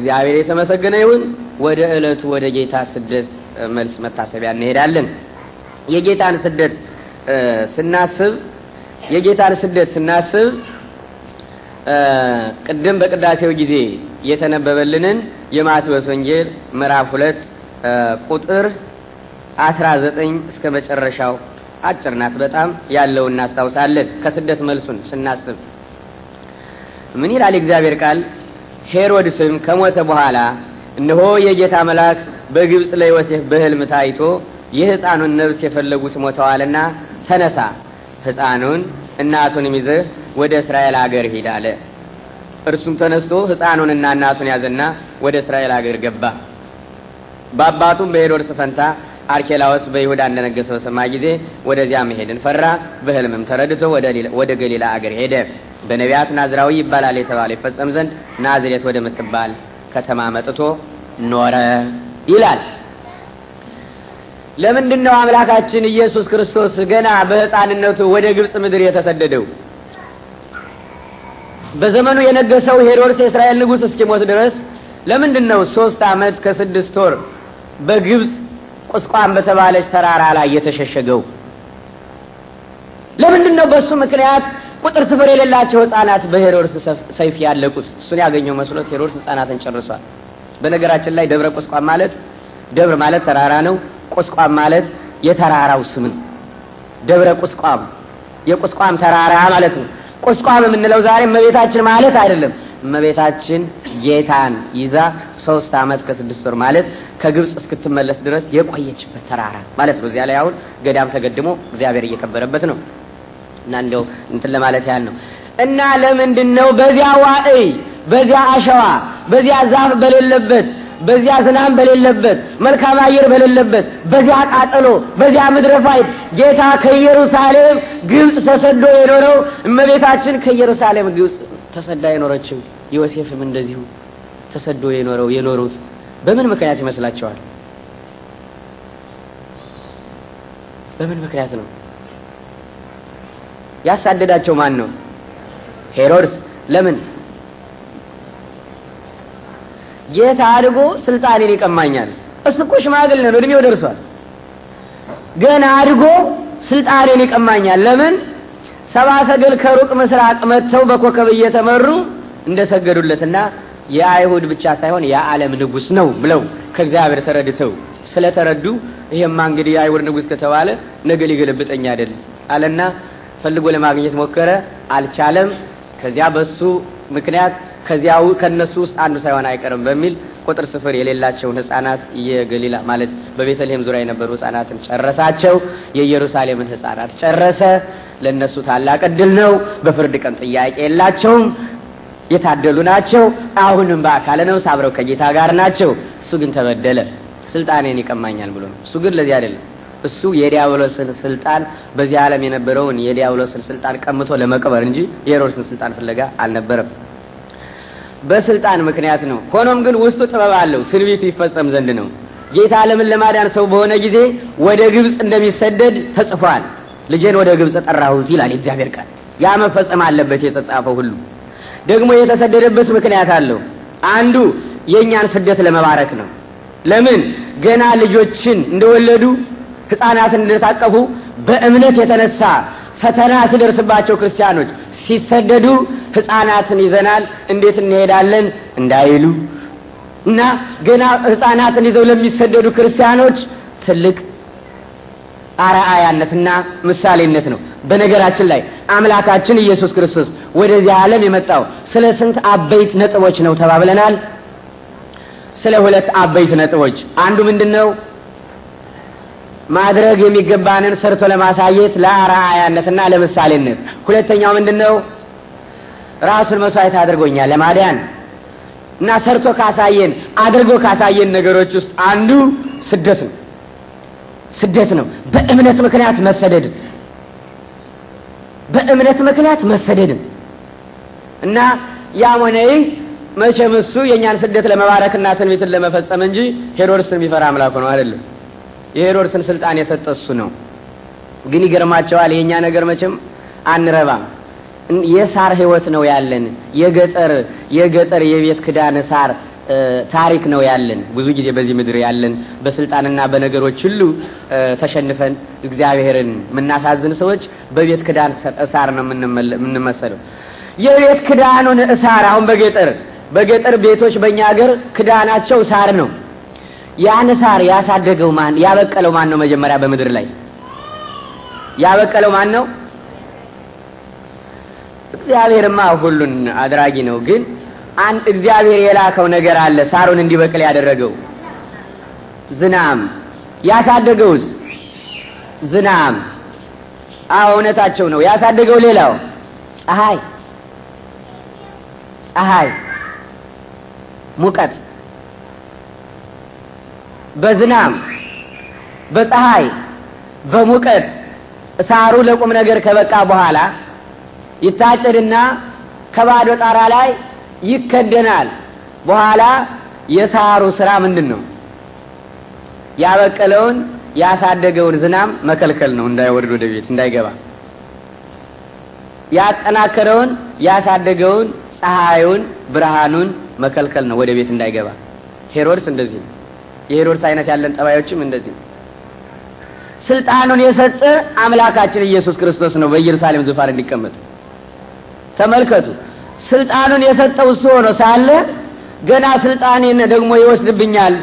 እግዚአብሔር የተመሰገነ ይሁን። ወደ ዕለቱ ወደ ጌታ ስደት መልስ መታሰቢያ እንሄዳለን። የጌታን ስደት ስናስብ የጌታን ስደት ስናስብ ቅድም በቅዳሴው ጊዜ የተነበበልንን የማቴዎስ ወንጌል ምዕራፍ ሁለት ቁጥር አስራ ዘጠኝ እስከ መጨረሻው አጭር ናት በጣም ያለው እናስታውሳለን። ከስደት መልሱን ስናስብ ምን ይላል የእግዚአብሔር ቃል? ሄሮድስም ከሞተ በኋላ እነሆ የጌታ መልአክ በግብፅ ለዮሴፍ በህልም ታይቶ የሕፃኑን ነፍስ የፈለጉት ሞተዋልና ተነሳ፣ ሕፃኑን እናቱንም ይዘህ ወደ እስራኤል አገር ሂድ አለ። እርሱም ተነስቶ ሕፃኑንና እናቱን ያዘና ወደ እስራኤል አገር ገባ። በአባቱም በሄሮድስ ፈንታ አርኬላዎስ በይሁዳ እንደነገሰ ሰማ ጊዜ ወደዚያ መሄድን ፈራ። በህልምም ተረድቶ ወደ ገሊላ አገር ሄደ። በነቢያት ናዝራዊ ይባላል የተባለ ይፈጸም ዘንድ ናዝሬት ወደምትባል ከተማ መጥቶ ኖረ ይላል። ለምንድን ነው አምላካችን ኢየሱስ ክርስቶስ ገና በሕፃንነቱ ወደ ግብፅ ምድር የተሰደደው? በዘመኑ የነገሰው ሄሮድስ የእስራኤል ንጉሥ እስኪሞት ድረስ ለምንድን ነው ሶስት ዓመት ከስድስት ወር በግብፅ ቁስቋም በተባለች ተራራ ላይ የተሸሸገው? ለምንድን ነው በእሱ ምክንያት ቁጥር ስፍር የሌላቸው ህፃናት በሄሮድስ ሰይፍ ያለቁት? እሱን ያገኘው መስሎት ሄሮድስ ህፃናትን ጨርሷል። በነገራችን ላይ ደብረ ቁስቋም ማለት ደብር ማለት ተራራ ነው። ቁስቋም ማለት የተራራው ስም ነው። ደብረ ቁስቋም የቁስቋም ተራራ ማለት ነው። ቁስቋም የምንለው ዛሬ እመቤታችን ማለት አይደለም። እመቤታችን ጌታን ይዛ ሶስት ዓመት ከስድስት ወር ማለት ከግብፅ እስክትመለስ ድረስ የቆየችበት ተራራ ማለት ነው። እዚያ ላይ አሁን ገዳም ተገድሞ እግዚአብሔር እየከበረበት ነው። እና እንደው እንትን ለማለት ያህል ነው። እና ለምንድን ነው በዚያ ዋእይ በዚያ አሸዋ፣ በዚያ ዛፍ በሌለበት፣ በዚያ ዝናም በሌለበት፣ መልካም አየር በሌለበት፣ በዚያ ቃጠሎ፣ በዚያ ምድረ ፋይድ ጌታ ከኢየሩሳሌም ግብፅ ተሰዶ የኖረው? እመቤታችን ከኢየሩሳሌም ግብፅ ተሰዳ የኖረችው፣ ዮሴፍም እንደዚሁ ተሰዶ የኖረው የኖሩት በምን ምክንያት ይመስላችኋል? በምን ምክንያት ነው? ያሳደዳቸው ማን ነው? ሄሮድስ። ለምን? የት አድጎ ስልጣኔን ይቀማኛል። እሱ እኮ ሽማግሌ ነው፣ እድሜው ደርሷል። ገና አድጎ ስልጣኔን ይቀማኛል። ለምን? ሰባ ሰገል ከሩቅ ምስራቅ መጥተው በኮከብ እየተመሩ እንደሰገዱለትና የአይሁድ ብቻ ሳይሆን የዓለም ንጉስ ነው ብለው ከእግዚአብሔር ተረድተው ስለተረዱ ይሄማ እንግዲህ የአይሁድ ንጉስ ከተባለ ነገ ሊገለብጠኝ አይደል አለና ፈልጎ ለማግኘት ሞከረ፣ አልቻለም። ከዚያ በሱ ምክንያት ከዚያው ከነሱ ውስጥ አንዱ ሳይሆን አይቀርም በሚል ቁጥር ስፍር የሌላቸውን ህፃናት የገሊላ ማለት በቤተልሔም ዙሪያ የነበሩ ህፃናትን ጨረሳቸው። የኢየሩሳሌምን ህፃናት ጨረሰ። ለነሱ ታላቅ እድል ነው። በፍርድ ቀን ጥያቄ የላቸውም። የታደሉ ናቸው። አሁንም በአካለ ነው አብረው ከጌታ ጋር ናቸው። እሱ ግን ተበደለ። ስልጣኔን ይቀማኛል ብሎ ነው። እሱ ግን ለዚህ አይደለም። እሱ የዲያብሎስን ስልጣን በዚህ ዓለም የነበረውን የዲያብሎስን ስልጣን ቀምቶ ለመቅበር እንጂ የሄሮድስን ስልጣን ፍለጋ አልነበረም። በስልጣን ምክንያት ነው። ሆኖም ግን ውስጡ ጥበብ አለው። ትንቢቱ ይፈጸም ዘንድ ነው። ጌታ ዓለምን ለማዳን ሰው በሆነ ጊዜ ወደ ግብፅ እንደሚሰደድ ተጽፏል። ልጄን ወደ ግብፅ ጠራሁት ይላል የእግዚአብሔር ቃል። ያ መፈጸም አለበት የተጻፈው ሁሉ ደግሞ የተሰደደበት ምክንያት አለው። አንዱ የእኛን ስደት ለመባረክ ነው። ለምን ገና ልጆችን እንደወለዱ ህፃናትን እንደታቀፉ በእምነት የተነሳ ፈተና ስደርስባቸው ክርስቲያኖች ሲሰደዱ ህፃናትን ይዘናል እንዴት እንሄዳለን እንዳይሉ እና ገና ህፃናትን ይዘው ለሚሰደዱ ክርስቲያኖች ትልቅ አርአያነትና ምሳሌነት ነው። በነገራችን ላይ አምላካችን ኢየሱስ ክርስቶስ ወደዚህ ዓለም የመጣው ስለ ስንት አበይት ነጥቦች ነው ተባብለናል? ስለ ሁለት አበይት ነጥቦች። አንዱ ምንድን ነው? ማድረግ የሚገባንን ሰርቶ ለማሳየት ለአርአያነትና ለምሳሌነት። ሁለተኛው ምንድን ነው? ራሱን መስዋዕት አድርጎኛል ለማዳን እና ሰርቶ ካሳየን አድርጎ ካሳየን ነገሮች ውስጥ አንዱ ስደት ነው። ስደት ነው፣ በእምነት ምክንያት መሰደድ በእምነት ምክንያት መሰደድን እና ያም ሆነ ይህ መቼም እሱ የእኛን ስደት ለመባረክና ትንቢትን ለመፈጸም እንጂ ሄሮድስን የሚፈራ አምላኩ ነው አይደለም። የሄሮድስን ስልጣን የሰጠ እሱ ነው። ግን ይገርማቸዋል። የእኛ ነገር መቼም አንረባም። የሳር ህይወት ነው ያለን። የገጠር የገጠር የቤት ክዳን ሳር ታሪክ ነው ያለን። ብዙ ጊዜ በዚህ ምድር ያለን በስልጣንና በነገሮች ሁሉ ተሸንፈን እግዚአብሔርን የምናሳዝን ሰዎች በቤት ክዳን እሳር ነው የምንመሰለው። የቤት ክዳኑን እሳር አሁን በገጠር በገጠር ቤቶች በእኛ ሀገር ክዳናቸው ሳር ነው። ያን ሳር ያሳደገው ማን ያበቀለው ማን ነው? መጀመሪያ በምድር ላይ ያበቀለው ማን ነው? እግዚአብሔርማ ሁሉን አድራጊ ነው ግን አንድ እግዚአብሔር የላከው ነገር አለ። ሳሮን እንዲበቅል ያደረገው ዝናም፣ ያሳደገውስ ዝናም። አዎ እውነታቸው ነው። ያሳደገው ሌላው ፀሐይ፣ ፀሐይ፣ ሙቀት በዝናም በፀሐይ በሙቀት ሳሩ ለቁም ነገር ከበቃ በኋላ ይታጨድና ከባዶ ጣራ ላይ ይከደናል። በኋላ የሳሩ ስራ ምንድን ነው? ያበቀለውን ያሳደገውን ዝናም መከልከል ነው፣ እንዳይወርድ ወደ ቤት እንዳይገባ። ያጠናከረውን ያሳደገውን ፀሐዩን ብርሃኑን መከልከል ነው፣ ወደ ቤት እንዳይገባ። ሄሮድስ እንደዚህ ነው። የሄሮድስ አይነት ያለን ጠባዮችም እንደዚህ ነው። ስልጣኑን የሰጠ አምላካችን ኢየሱስ ክርስቶስ ነው በኢየሩሳሌም ዙፋን እንዲቀመጥ። ተመልከቱ ስልጣኑን የሰጠው እሱ ሆኖ ሳለ ገና ስልጣኔን ደግሞ ይወስድብኛል፣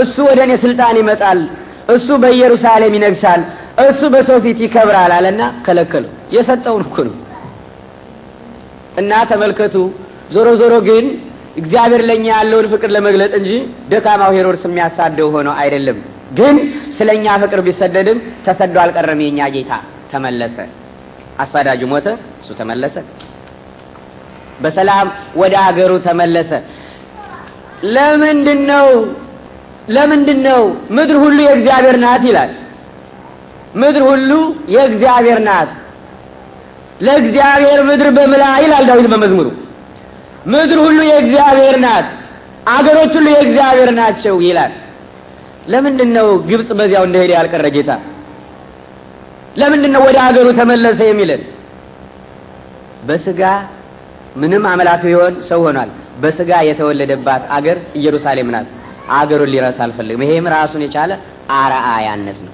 እሱ ወደ እኔ ስልጣን ይመጣል፣ እሱ በኢየሩሳሌም ይነግሳል፣ እሱ በሰው ፊት ይከብራል አለና ከለከሉ። የሰጠውን እኮ ነው። እና ተመልከቱ። ዞሮ ዞሮ ግን እግዚአብሔር ለእኛ ያለውን ፍቅር ለመግለጥ እንጂ ደካማው ሄሮድስ የሚያሳደው ሆኖ አይደለም። ግን ስለ እኛ ፍቅር ቢሰደድም ተሰዶ አልቀረም። የእኛ ጌታ ተመለሰ። አሳዳጁ ሞተ፣ እሱ ተመለሰ። በሰላም ወደ አገሩ ተመለሰ። ለምንድን ለምንድን ነው ምድር ሁሉ የእግዚአብሔር ናት ይላል። ምድር ሁሉ የእግዚአብሔር ናት፣ ለእግዚአብሔር ምድር በምላ ይላል ዳዊት በመዝሙሩ። ምድር ሁሉ የእግዚአብሔር ናት፣ አገሮች ሁሉ የእግዚአብሔር ናቸው ይላል። ለምንድን ነው ግብፅ በዚያው እንደሄደ ያልቀረ ጌታ? ለምንድን ነው ወደ አገሩ ተመለሰ የሚለን በስጋ ምንም አመላክ ቢሆን ሰው ሆኗል። በስጋ የተወለደባት አገር ኢየሩሳሌም ናት። አገሩን ሊረሳ አልፈልግም። ይሄም ራሱን የቻለ አርአያነት ነው።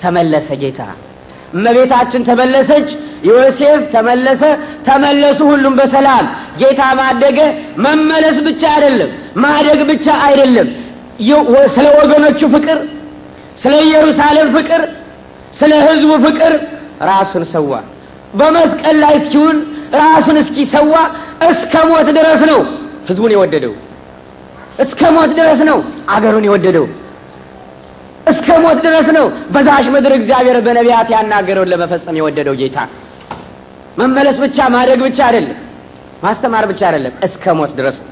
ተመለሰ ጌታ እመቤታችን ተመለሰች። ዮሴፍ ተመለሰ። ተመለሱ ሁሉም በሰላም ጌታ ማደገ። መመለስ ብቻ አይደለም፣ ማደግ ብቻ አይደለም። ስለ ወገኖቹ ፍቅር፣ ስለ ኢየሩሳሌም ፍቅር፣ ስለ ሕዝቡ ፍቅር ራሱን ሰዋ በመስቀል ላይ እስኪውል ራሱን እስኪሰዋ እስከ ሞት ድረስ ነው ህዝቡን የወደደው። እስከ ሞት ድረስ ነው አገሩን የወደደው። እስከ ሞት ድረስ ነው በዛሽ ምድር እግዚአብሔር በነቢያት ያናገረውን ለመፈጸም የወደደው ጌታ። መመለስ ብቻ ማደግ ብቻ አይደለም፣ ማስተማር ብቻ አይደለም፣ እስከ ሞት ድረስ ነው።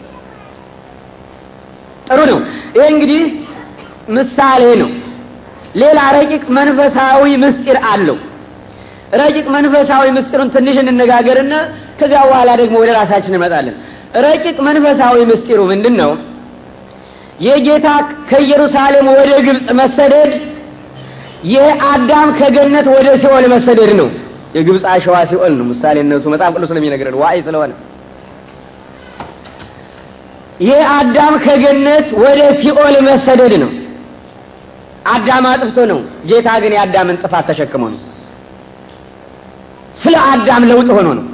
ጥሩ ነው። ይሄ እንግዲህ ምሳሌ ነው። ሌላ ረቂቅ መንፈሳዊ ምስጢር አለው። ረቂቅ መንፈሳዊ ምስጢሩን ትንሽ እንነጋገርና ከዚያ በኋላ ደግሞ ወደ ራሳችን እንመጣለን። ረቂቅ መንፈሳዊ ምስጢሩ ምንድን ነው? የጌታ ከኢየሩሳሌም ወደ ግብፅ መሰደድ የአዳም ከገነት ወደ ሲኦል መሰደድ ነው። የግብፅ አሸዋ ሲኦል ነው ምሳሌነቱ፣ መጽሐፍ ቅዱስ ስለሚነግረን ዋይ ስለሆነ የአዳም ከገነት ወደ ሲኦል መሰደድ ነው። አዳም አጥፍቶ ነው። ጌታ ግን የአዳምን ጥፋት ተሸክሞ ነው ስለ አዳም ለውጥ ሆኖ ነው።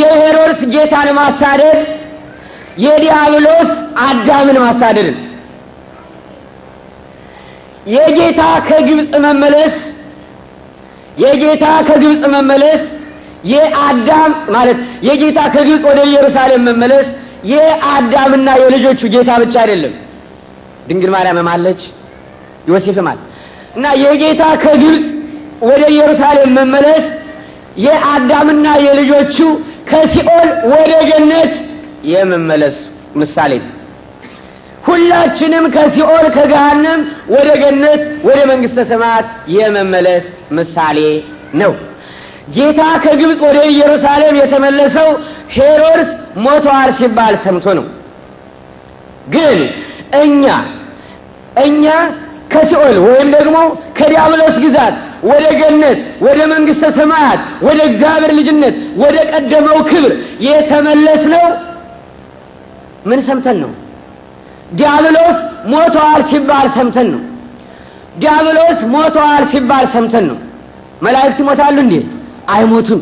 የሄሮድስ ጌታን ማሳደድ የዲያብሎስ አዳምን ማሳደድ የጌታ ከግብፅ መመለስ የጌታ ከግብፅ መመለስ የአዳም ማለት የጌታ ከግብፅ ወደ ኢየሩሳሌም መመለስ የአዳምና የልጆቹ ጌታ ብቻ አይደለም። ድንግል ማርያም ማለች፣ ዮሴፍም አለ እና የጌታ ከግብፅ ወደ ኢየሩሳሌም መመለስ የአዳምና የልጆቹ ከሲኦል ወደ ገነት የመመለስ ምሳሌ ነው። ሁላችንም ከሲኦል ከገሃነም ወደ ገነት ወደ መንግሥተ ሰማያት የመመለስ ምሳሌ ነው። ጌታ ከግብፅ ወደ ኢየሩሳሌም የተመለሰው ሄሮድስ ሞተዋል ሲባል ሰምቶ ነው። ግን እኛ እኛ ከሲኦል ወይም ደግሞ ከዲያብሎስ ግዛት ወደ ገነት ወደ መንግሥተ ሰማያት ወደ እግዚአብሔር ልጅነት ወደ ቀደመው ክብር የተመለስ ነው። ምን ሰምተን ነው? ዲያብሎስ ሞተዋል ሲባል ሰምተን ነው። ዲያብሎስ ሞተዋል ሲባል ሰምተን ነው። መላእክት ይሞታሉ እንዴ? አይሞቱም።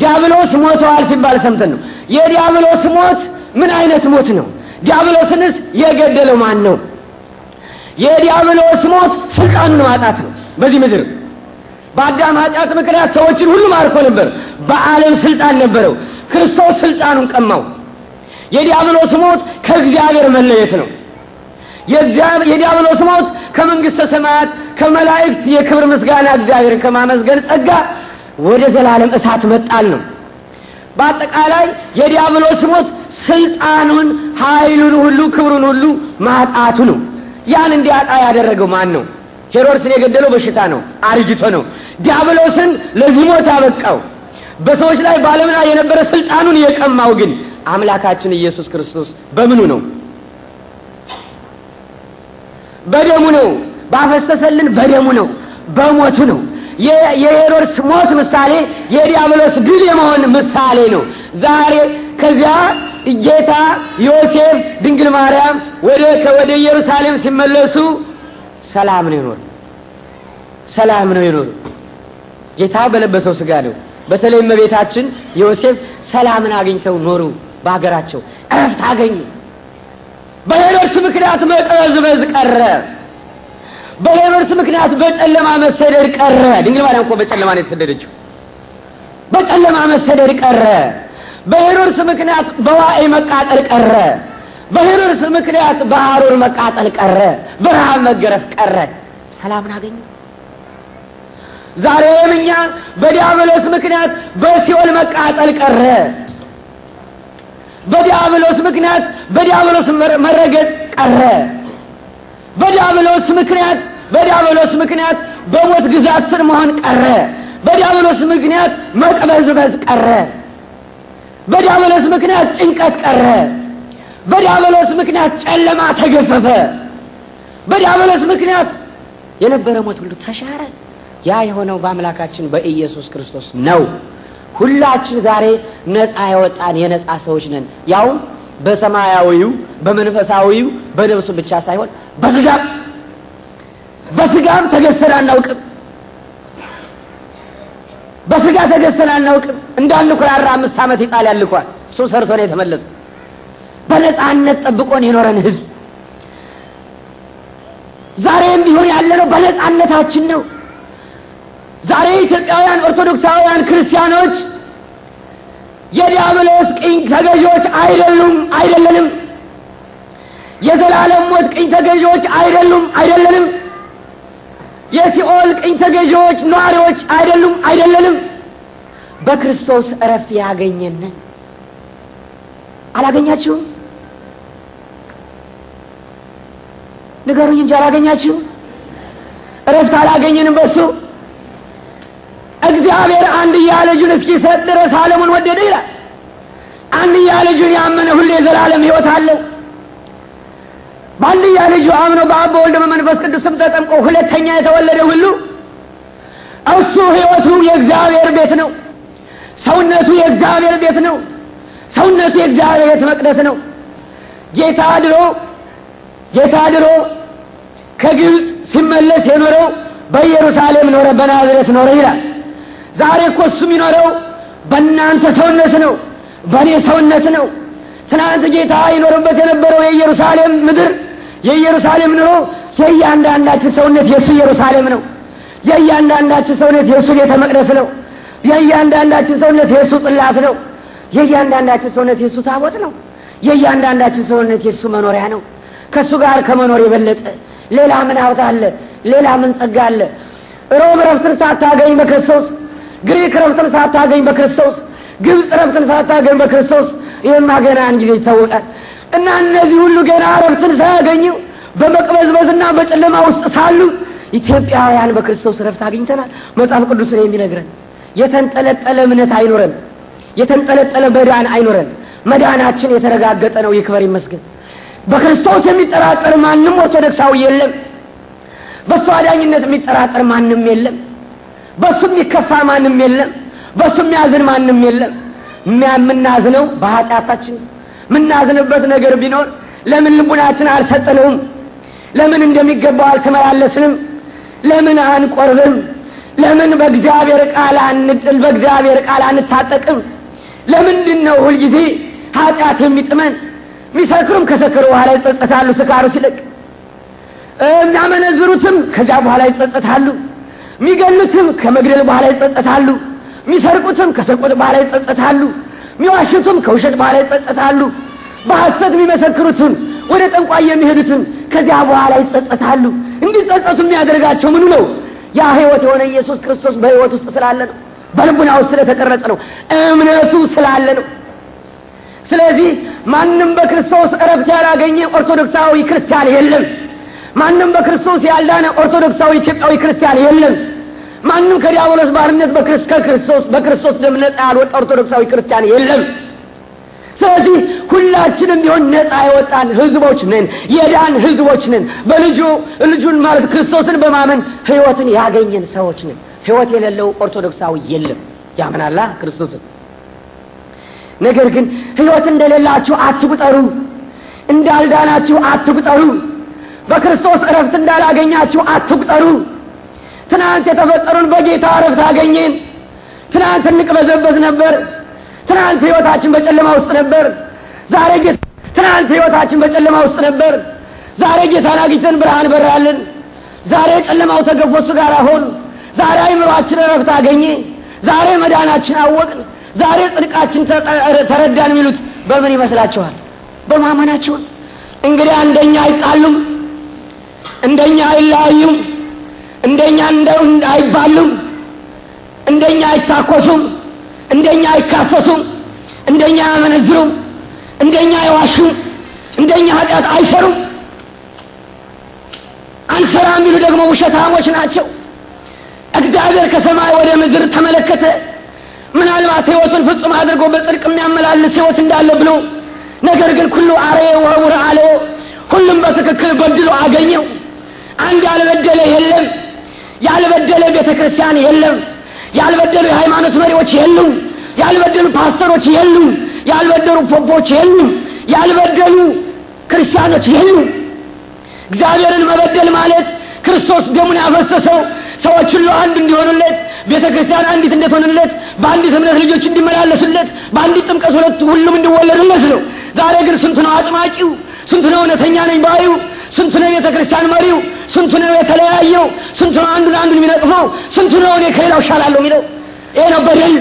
ዲያብሎስ ሞተዋል ሲባል ሰምተን ነው። የዲያብሎስ ሞት ምን አይነት ሞት ነው? ዲያብሎስንስ የገደለው ማን ነው? የዲያብሎስ ሞት ስልጣኑን ማጣት ነው በዚህ ምድር በአዳም ኃጢአት ምክንያት ሰዎችን ሁሉ ማርኮ ነበር በዓለም ስልጣን ነበረው ክርስቶስ ስልጣኑን ቀማው የዲያብሎስ ሞት ከእግዚአብሔር መለየት ነው የዲያብሎስ ሞት ከመንግስተ ሰማያት ከመላእክት የክብር ምስጋና እግዚአብሔርን ከማመስገን ጸጋ ወደ ዘላለም እሳት መጣል ነው በአጠቃላይ የዲያብሎስ ሞት ስልጣኑን ኃይሉን ሁሉ ክብሩን ሁሉ ማጣቱ ነው ያን እንዲያጣ ያደረገው ማን ነው? ሄሮድስን የገደለው በሽታ ነው፣ አርጅቶ ነው። ዲያብሎስን ለዚህ ሞት ያበቃው በሰዎች ላይ በዓለም ላይ የነበረ ስልጣኑን የቀማው ግን አምላካችን ኢየሱስ ክርስቶስ በምኑ ነው? በደሙ ነው። ባፈሰሰልን በደሙ ነው፣ በሞቱ ነው። የሄሮድስ ሞት ምሳሌ የዲያብሎስ ድል የመሆን ምሳሌ ነው። ዛሬ ከዚያ ጌታ ዮሴፍ ድንግል ማርያም ወደ ከወደ ኢየሩሳሌም ሲመለሱ ሰላም ነው ይኖር ሰላም ነው ይኖር ጌታ በለበሰው ስጋ ነው። በተለይ መቤታችን ዮሴፍ ሰላምን አግኝተው ኖሩ። በሀገራቸው እረፍት አገኙ። በሌሎች ምክንያት መቀዝበዝ ቀረ። በሌሎች ምክንያት በጨለማ መሰደድ ቀረ። ድንግል ማርያም እኮ በጨለማ ነው የተሰደደችው። በጨለማ መሰደድ ቀረ። በሄሮድስ ምክንያት በዋዒ መቃጠል ቀረ። በሄሮድስ ምክንያት በሐሩር መቃጠል ቀረ። በረሃብ መገረፍ ቀረ። ሰላምን አገኘ። ዛሬም እኛ በዲያብሎስ ምክንያት በሲኦል መቃጠል ቀረ። በዲያብሎስ ምክንያት በዲያብሎስ መረገጥ ቀረ። በዲያብሎስ ምክንያት በዲያብሎስ ምክንያት በሞት ግዛት ስር መሆን ቀረ። በዲያብሎስ ምክንያት መቅበዝበዝ ቀረ። በዲያብሎስ ምክንያት ጭንቀት ቀረ። በዲያብሎስ ምክንያት ጨለማ ተገፈፈ። በዲያብሎስ ምክንያት የነበረ ሞት ሁሉ ተሻረ። ያ የሆነው በአምላካችን በኢየሱስ ክርስቶስ ነው። ሁላችን ዛሬ ነፃ ያወጣን የነፃ ሰዎች ነን። ያውም በሰማያዊው በመንፈሳዊው በነፍሱ ብቻ ሳይሆን በስጋም በስጋም ተገዝተን አናውቅም። በስጋ ተገዝተን አናውቅም። ኩራራ አምስት ዓመት ይጣል ያልኳል። እሱም ሰርቶ ነው የተመለሰ። በነፃነት ጠብቆን የኖረን ህዝብ ዛሬም ቢሆን ያለነው በነፃነታችን ነው። ዛሬ ኢትዮጵያውያን ኦርቶዶክሳውያን ክርስቲያኖች የዲያብሎስ ቅኝ ተገዢዎች አይደሉም፣ አይደለንም። የዘላለም ሞት ቅኝ ተገዢዎች አይደሉም፣ አይደለንም። የሲኦል ቅኝ ተገዢዎች ነዋሪዎች አይደሉም አይደለንም። በክርስቶስ እረፍት ያገኘን አላገኛችሁም? ንገሩኝ እንጂ አላገኛችሁ እረፍት አላገኘንም በሱ እግዚአብሔር አንድያ ልጁን እስኪሰጥ ድረስ አለሙን ወደደ ይላል። አንድያ ልጁን ያመነ ሁሌ የዘላለም ሕይወት አለው። አንድያ ልጁ አምኖ በአብ በወልድ በመንፈስ ቅዱስም ተጠምቆ ሁለተኛ የተወለደ ሁሉ እሱ ሕይወቱ የእግዚአብሔር ቤት ነው። ሰውነቱ የእግዚአብሔር ቤት ነው። ሰውነቱ የእግዚአብሔር ቤት መቅደስ ነው። ጌታ ድሮ ጌታ ድሮ ከግብፅ ሲመለስ የኖረው በኢየሩሳሌም ኖረ፣ በናዝሬት ኖረ ይላል። ዛሬ እኮ እሱ የሚኖረው በእናንተ ሰውነት ነው፣ በእኔ ሰውነት ነው። ትናንት ጌታ ይኖርበት የነበረው የኢየሩሳሌም ምድር የኢየሩሳሌም ኑሮ የእያንዳንዳችን ሰውነት የእሱ ኢየሩሳሌም ነው። የእያንዳንዳችን ሰውነት የእሱ ቤተ መቅደስ ነው። የእያንዳንዳችን ሰውነት የእሱ ጽላት ነው። የእያንዳንዳችን ሰውነት የእሱ ታቦት ነው። የእያንዳንዳችን ሰውነት የእሱ መኖሪያ ነው። ከእሱ ጋር ከመኖር የበለጠ ሌላ ምን ሀብት አለ? ሌላ ምን ጸጋ አለ? ሮም ረፍትን ሳታገኝ በክርስቶስ፣ ግሪክ ረፍትን ሳታገኝ በክርስቶስ፣ ግብፅ ረፍትን ሳታገኝ በክርስቶስ። ይህማ ገና አንድ ጊዜ ይታወቃል። እና እነዚህ ሁሉ ገና እረፍትን ሳያገኙ በመቅበዝበዝና በጨለማ ውስጥ ሳሉ ኢትዮጵያውያን በክርስቶስ እረፍት አግኝተናል። መጽሐፍ ቅዱስ ነው የሚነግረን። የተንጠለጠለ እምነት አይኖረን፣ የተንጠለጠለ መዳን አይኖረን። መዳናችን የተረጋገጠ ነው፣ ይክበር ይመስገን። በክርስቶስ የሚጠራጠር ማንም ኦርቶዶክሳዊ የለም። በእሱ አዳኝነት የሚጠራጠር ማንም የለም። በእሱ የሚከፋ ማንም የለም። በእሱ የሚያዝን ማንም የለም። የምናዝነው በኃጢአታችን ምናዝንበት ነገር ቢኖር ለምን ልቡናችን አልሰጠንም ለምን እንደሚገባው አልተመላለስንም? ለምን አንቆርብም? ለምን በእግዚአብሔር ቃል በእግዚአብሔር ቃል አንታጠቅም? ለምንድን ነው ሁልጊዜ ኃጢአት የሚጥመን? የሚሰክሩም ከሰክሩ በኋላ ይጸጸታሉ፣ ስካሩ ሲለቅ። የሚያመነዝሩትም ከዚያ በኋላ ይጸጸታሉ። የሚገሉትም ከመግደል በኋላ ይጸጸታሉ። የሚሰርቁትም ከሰርቁት በኋላ ይጸጸታሉ። ሚዋሽቱም ከውሸት በኋላ ይጸጸታሉ። በሐሰት የሚመሰክሩትን ወደ ጠንቋ የሚሄዱትን ከዚያ በኋላ ይጸጸታሉ። እንዲጸጸቱ የሚያደርጋቸው ምኑ ነው? ያ ሕይወት የሆነ ኢየሱስ ክርስቶስ በሕይወት ውስጥ ስላለ ነው። በልቡና ውስጥ ስለተቀረጸ ነው። እምነቱ ስላለ ነው። ስለዚህ ማንም በክርስቶስ እረፍት ያላገኘ ኦርቶዶክሳዊ ክርስቲያን የለም። ማንም በክርስቶስ ያልዳነ ኦርቶዶክሳዊ ኢትዮጵያዊ ክርስቲያን የለም። ማንም ከዲያብሎስ ባርነት ከክርስቶስ በክርስቶስ ደም ነፃ ያልወጣ ኦርቶዶክሳዊ ክርስቲያን የለም። ስለዚህ ሁላችንም ቢሆን ነፃ የወጣን ህዝቦች ነን፣ የዳን ህዝቦች ነን። በልጁ ልጁን ማለት ክርስቶስን በማመን ህይወትን ያገኘን ሰዎች ነን። ህይወት የሌለው ኦርቶዶክሳዊ የለም። ያምናላ ክርስቶስን። ነገር ግን ህይወት እንደሌላችሁ አትቁጠሩ፣ እንዳልዳናችሁ አትቁጠሩ፣ በክርስቶስ እረፍት እንዳላገኛችሁ አትቁጠሩ። ትናንት የተፈጠሩን በጌታ እረፍት አገኘን። ትናንት እንቅበዘበዝ ነበር። ትናንት ህይወታችን በጨለማ ውስጥ ነበር። ዛሬ ጌታ ትናንት ህይወታችን በጨለማ ውስጥ ነበር። ዛሬ ጌታን አግኝተን ብርሃን በራልን። ዛሬ ጨለማው ተገፎ እሱ ጋር አሁን ዛሬ አይምሯችን እረፍት አገኘ። ዛሬ መዳናችን አወቅን። ዛሬ ጽድቃችን ተረዳን የሚሉት በምን ይመስላችኋል? በማመናቸው እንግዲህ እንደኛ አይጣሉም፣ እንደኛ አይለያዩም። እንደኛ አይባሉም፣ እንደኛ አይታኮሱም፣ እንደኛ አይካሰሱም፣ እንደኛ አያመነዝሩም፣ እንደኛ አይዋሹም፣ እንደኛ ኃጢአት አይሰሩም። አንሰራ የሚሉ ደግሞ ውሸታሞች ናቸው። እግዚአብሔር ከሰማይ ወደ ምድር ተመለከተ። ምናልባት ህይወቱን ፍጹም አድርጎ በጽድቅ የሚያመላልስ ህይወት እንዳለ ብሎ ነገር ግን ሁሉ አሬ ወውር አለ። ሁሉም በትክክል በድሎ አገኘው። አንድ ያልበደለ የለም። ያልበደለ ቤተ ክርስቲያን የለም። ያልበደሉ የሃይማኖት መሪዎች የሉም። ያልበደሉ ፓስተሮች የሉም። ያልበደሉ ፖፖች የሉም። ያልበደሉ ክርስቲያኖች የሉም። እግዚአብሔርን መበደል ማለት ክርስቶስ ደሙን ያፈሰሰው ሰዎች ሁሉ አንድ እንዲሆኑለት ቤተ ክርስቲያን አንዲት እንደትሆንለት በአንዲት እምነት ልጆች እንዲመላለሱለት በአንዲት ጥምቀት ሁለት ሁሉም እንዲወለዱለት ነው። ዛሬ ግን ስንት ነው አጥማቂው? ስንት ነው እውነተኛ ነኝ ባዩ? ስንቱ ነው የቤተ ክርስቲያን መሪው? ስንቱ ነው የተለያየው? ስንቱ ነው አንዱን አንዱን የሚነቅፈው? ስንቱ ነው እኔ ከሌላው እሻላለሁ የሚለው? ይሄ ነው በደል።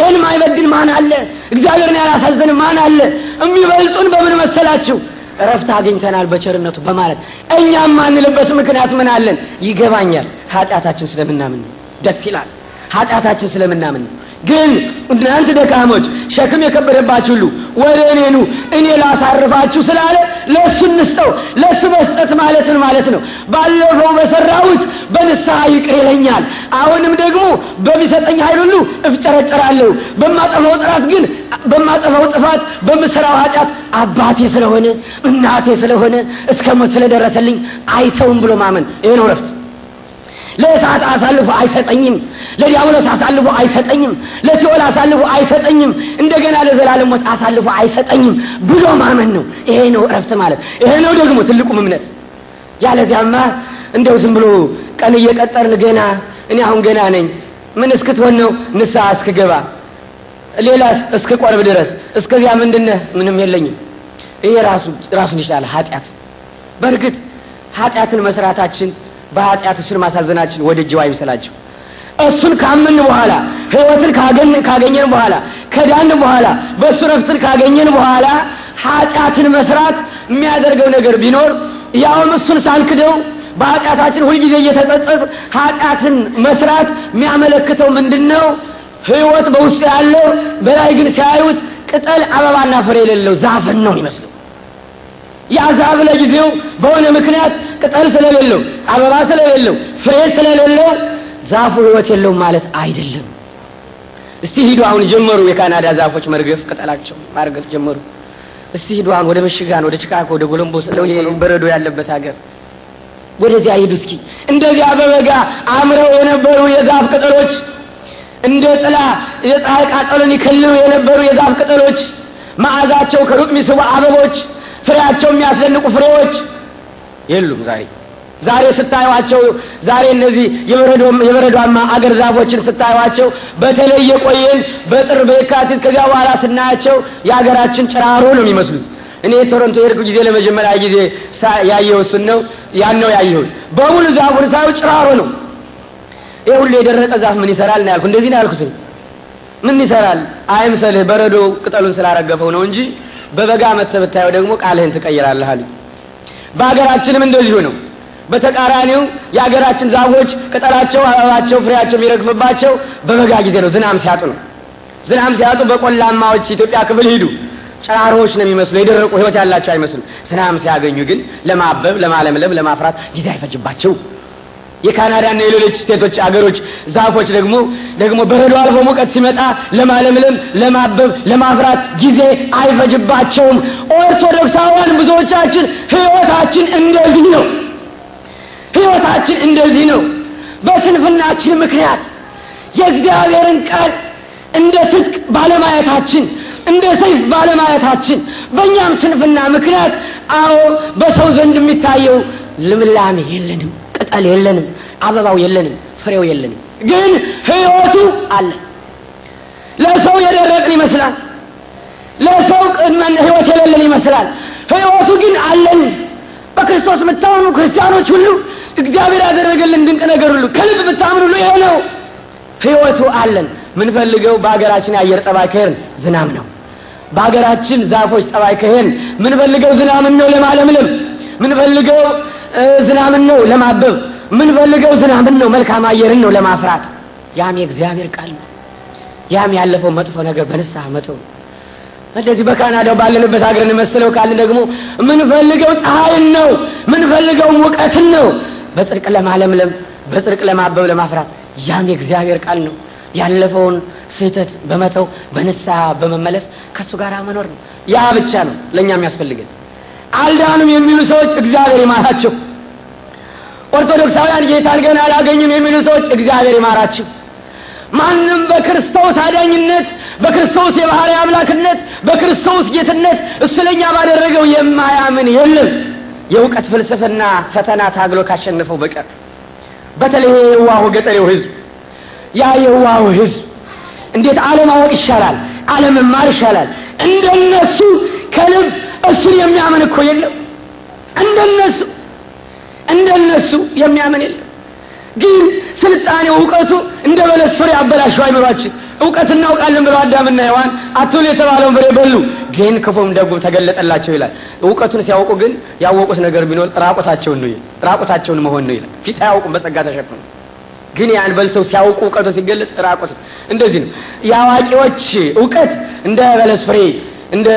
ይህን ማይበድል ማን አለ? እግዚአብሔርን ያላሳዘን ማን አለ? የሚበልጡን በምን መሰላችሁ? እረፍት አግኝተናል በቸርነቱ በማለት እኛ የማንልበት ምክንያት ምን አለን? ይገባኛል። ኃጢአታችን ስለምናምን ነው። ደስ ይላል። ኃጢአታችን ስለምናምን ነው። ግን እናንተ ደካሞች፣ ሸክም የከበደባችሁ ሁሉ ወደ እኔ እኔ ላሳርፋችሁ ስላለ ለእሱ እንስጠው። ለእሱ መስጠት ማለትን ማለት ነው። ባለፈው በሰራሁት በንስሐ ይቅር ይለኛል። አሁንም ደግሞ በሚሰጠኝ ኃይል ሁሉ እፍጨረጨራለሁ። በማጠፋው ጥራት ግን በማጠፋው ጥፋት በምሰራው ኃጢአት አባቴ ስለሆነ እናቴ ስለሆነ እስከ ሞት ስለደረሰልኝ አይተውም ብሎ ማመን ይሄ ነው ረፍት ለእሳት አሳልፎ አይሰጠኝም። ለዲያብሎስ አሳልፎ አይሰጠኝም። ለሲኦል አሳልፎ አይሰጠኝም። እንደገና ለዘላለም ሞት አሳልፎ አይሰጠኝም ብሎ ማመን ነው። ይሄ ነው እረፍት ማለት። ይሄ ነው ደግሞ ትልቁም እምነት። ያለዚያማ እንደው ዝም ብሎ ቀን እየቀጠርን ገና እኔ አሁን ገና ነኝ ምን እስክትሆን ነው? ንሳ እስክገባ ሌላስ እስክ ቆርብ ድረስ እስከዚያ ምንድነህ? ምንም የለኝም። ይሄ ራሱን ይችላል ኃጢአት። በእርግጥ ኃጢአትን መስራታችን በኃጢአት እሱን ማሳዘናችን ወደ እጅው አይምሰላቸው። እሱን ካምን በኋላ ህይወትን ካገኘን በኋላ ከዳን በኋላ በእሱ ረፍትን ካገኘን በኋላ ኃጢአትን መስራት የሚያደርገው ነገር ቢኖር ያውም እሱን ሳንክደው በኃጢአታችን ሁልጊዜ እየተጸጸስ ኃጢአትን መስራት የሚያመለክተው ምንድን ነው? ህይወት በውስጡ ያለው በላይ ግን ሲያዩት ቅጠል አበባና ፍሬ የሌለው ዛፍን ነው ይመስለው የአዛብ ለጊዜው በሆነ ምክንያት ቅጠል ስለሌለው አበባ ስለሌለው ፍሬ ስለሌለው ዛፉ ህይወት የለውም ማለት አይደለም። እስቲ ሂዱ አሁን ጀመሩ የካናዳ ዛፎች መርገፍ ቅጠላቸው ማርገፍ ጀመሩ። እስቲ ሂዱ አሁን ወደ ምሽጋን፣ ወደ ቺካጎ፣ ወደ ጎሎምቦስ በረዶ ያለበት ሀገር ወደዚያ ሂዱ እስኪ። እንደዚያ በበጋ አምረው የነበሩ የዛፍ ቅጠሎች እንደ ጥላ የፀሐይ ቃጠሎን ይከልሉ የነበሩ የዛፍ ቅጠሎች መዓዛቸው ከሩቅ ሚስቡ አበቦች ፍሬያቸው የሚያስደንቁ ፍሬዎች የሉም ዛሬ ዛሬ ስታዩቸው ዛሬ እነዚህ የበረዷማ አገር ዛፎችን ስታዩቸው በተለይ የቆየን በጥር በየካቲት ከዚያ በኋላ ስናያቸው የሀገራችን ጭራሮ ነው የሚመስሉት። እኔ ቶሮንቶ የርቅ ጊዜ ለመጀመሪያ ጊዜ ያየው እሱን ነው ያን ነው ያየሁት። በሙሉ ዛፉን ሳዩ ጭራሮ ነው። ይህ ሁሉ የደረቀ ዛፍ ምን ይሰራል ነው ያልኩ። እንደዚህ ነው ያልኩት። ምን ይሰራል አይምሰልህ፣ በረዶ ቅጠሉን ስላረገፈው ነው እንጂ በበጋ መጥተህ ብታየው ደግሞ ቃልህን ትቀይራለህ አሉኝ። በሀገራችንም እንደዚሁ ነው። በተቃራኒው የሀገራችን ዛፎች ቅጠላቸው፣ አበባቸው፣ ፍሬያቸው የሚረግፍባቸው በበጋ ጊዜ ነው፣ ዝናብ ሲያጡ ነው። ዝናብ ሲያጡ በቆላማዎች ኢትዮጵያ ክፍል ሂዱ፣ ጨራሮዎች ነው የሚመስሉ፣ የደረቁ ህይወት ያላቸው አይመስሉም። ዝናም ሲያገኙ ግን ለማበብ፣ ለማለምለም፣ ለማፍራት ጊዜ አይፈጅባቸው የካናዳና የሌሎች ስቴቶች አገሮች ዛፎች ደግሞ ደግሞ በረዶ አልፎ ሙቀት ሲመጣ ለማለምለም፣ ለማበብ፣ ለማፍራት ጊዜ አይፈጅባቸውም። ኦርቶዶክሳውያን ብዙዎቻችን ህይወታችን እንደዚህ ነው። ህይወታችን እንደዚህ ነው። በስንፍናችን ምክንያት የእግዚአብሔርን ቃል እንደ ትጥቅ ባለማየታችን እንደ ሰይፍ ባለማየታችን በእኛም ስንፍና ምክንያት አዎ በሰው ዘንድ የሚታየው ልምላሜ የለንም፣ ቅጠል የለንም፣ አበባው የለንም፣ ፍሬው የለንም፣ ግን ህይወቱ አለ። ለሰው የደረቅን ይመስላል። ለሰው ህይወት የሌለን ይመስላል። ህይወቱ ግን አለን። በክርስቶስ የምታምኑ ክርስቲያኖች ሁሉ እግዚአብሔር ያደረገልን ድንቅ ነገር ሁሉ ከልብ ብታምኑ ሁሉ ይሄ ነው። ህይወቱ አለን። ምንፈልገው በሀገራችን የአየር ጠባይ ከሄድን ዝናብ ነው። በሀገራችን ዛፎች ጠባይ ከሄድን ምንፈልገው ዝናምን ነው ለማለምለም፣ ምንፈልገው ዝናምን ነው ለማበብ የምንፈልገው ዝናብን ነው፣ መልካም አየርን ነው ለማፍራት። ያም የእግዚአብሔር ቃል ነው። ያም ያለፈው መጥፎ ነገር በንስሐ መተው። እንደዚህ በካናዳው ባለንበት ሀገር እንመስለው ካልን ደግሞ የምንፈልገው ፀሐይን ነው፣ የምንፈልገው ሙቀትን ነው። በጽድቅ ለማለምለም፣ በጽድቅ ለማበብ፣ ለማፍራት ያም የእግዚአብሔር ቃል ነው። ያለፈውን ስህተት በመተው በንስሐ በመመለስ ከእሱ ጋር መኖር ነው። ያ ብቻ ነው ለእኛ የሚያስፈልገን። አልዳኑም የሚሉ ሰዎች እግዚአብሔር ይማራቸው። ኦርቶዶክሳውያን ጌታን ገና አላገኝም የሚሉ ሰዎች እግዚአብሔር ይማራችሁ። ማንም በክርስቶስ አዳኝነት፣ በክርስቶስ የባህር አምላክነት፣ በክርስቶስ ጌትነት እሱ ለእኛ ባደረገው የማያምን የለም የእውቀት ፍልስፍና ፈተና ታግሎ ካሸነፈው በቀር በተለይ የዋሁ ገጠሬው ህዝብ ያ የዋሁ ህዝብ እንዴት አለማወቅ ይሻላል፣ አለመማር ይሻላል። እንደነሱ ከልብ እሱን የሚያምን እኮ የለም እንደነሱ እንደነሱ የሚያምን የለም ግን ስልጣኔ እውቀቱ እንደ በለስ ፍሬ አበላሹ አይምሯችን እውቀት እናውቃለን ብለው አዳምና ሔዋን አትብሉ የተባለውን ፍሬ በሉ ግን ክፉም ደጉም ተገለጠላቸው ይላል እውቀቱን ሲያውቁ ግን ያወቁት ነገር ቢኖር ራቆታቸውን ነው ራቆታቸውን መሆን ነው ይላል ፊት አያውቁም በጸጋ ተሸፍኑ ግን ያን በልተው ሲያውቁ እውቀቱ ሲገለጥ ራቆት እንደዚህ ነው የአዋቂዎች እውቀት እንደ በለስ ፍሬ እንደ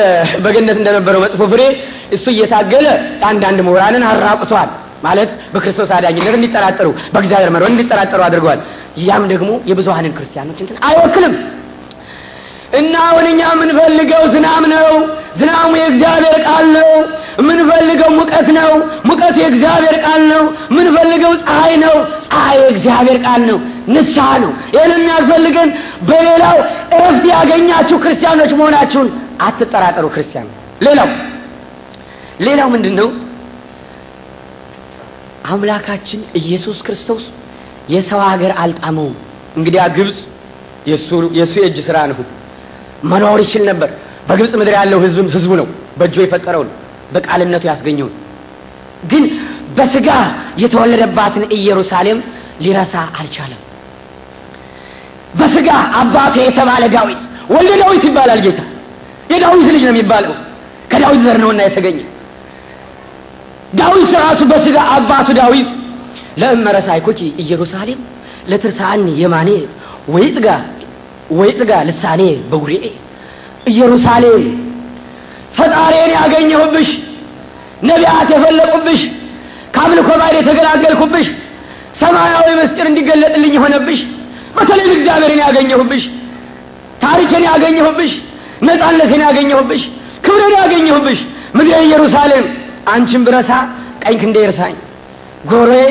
በገነት እንደነበረው መጥፎ ፍሬ እሱ እየታገለ አንዳንድ ምሁራንን አራቁተዋል ማለት በክርስቶስ አዳኝነት እንዲጠራጠሩ በእግዚአብሔር መርሆን እንዲጠራጠሩ አድርገዋል። ያም ደግሞ የብዙሀንን ክርስቲያኖች እንትን አይወክልም እና አሁን እኛ የምንፈልገው ዝናም ነው። ዝናሙ የእግዚአብሔር ቃል ነው። የምንፈልገው ሙቀት ነው። ሙቀቱ የእግዚአብሔር ቃል ነው። የምንፈልገው ፀሐይ ነው። ፀሐይ የእግዚአብሔር ቃል ነው፣ ንስሐ ነው። ይህን የሚያስፈልገን በሌላው እረፍት ያገኛችሁ ክርስቲያኖች መሆናችሁን አትጠራጠሩ። ክርስቲያን ሌላው ሌላው ምንድን ነው? አምላካችን ኢየሱስ ክርስቶስ የሰው ሀገር አልጣመውም። እንግዲያ ግብፅ የእሱ የእጅ ስራ ነው። መኖር ይችል ነበር። በግብፅ ምድር ያለው ህዝብም ህዝቡ ነው፣ በእጁ የፈጠረው በቃልነቱ ያስገኘው ግን በስጋ የተወለደባትን ኢየሩሳሌም ሊረሳ አልቻለም። በስጋ አባቴ የተባለ ዳዊት ወልደ ዳዊት ይባላል። ጌታ የዳዊት ልጅ ነው የሚባለው፣ ከዳዊት ዘር ነውና የተገኘ ዳዊት ራሱ በስጋ አባቱ ዳዊት ለእመረሳይኮች ኢየሩሳሌም ለትርሳኒ የማኔ ወይ ጥጋ ወይ ጥጋ ልሳኔ በጉሬ ኢየሩሳሌም ፈጣሪን ያገኘሁብሽ፣ ነቢያት የፈለቁብሽ፣ ከአምልኮ ባዕድ የተገላገልኩብሽ፣ ሰማያዊ ምስጢር እንዲገለጥልኝ የሆነብሽ፣ በተለይ እግዚአብሔርን ያገኘሁብሽ፣ ታሪክን ያገኘሁብሽ፣ ነፃነቴን ያገኘሁብሽ፣ ክብርን ያገኘሁብሽ ምድረ ኢየሩሳሌም አንቺን ብረሳ ቀኝ ክንዴ ይርሳኝ፣ ጎሮዬ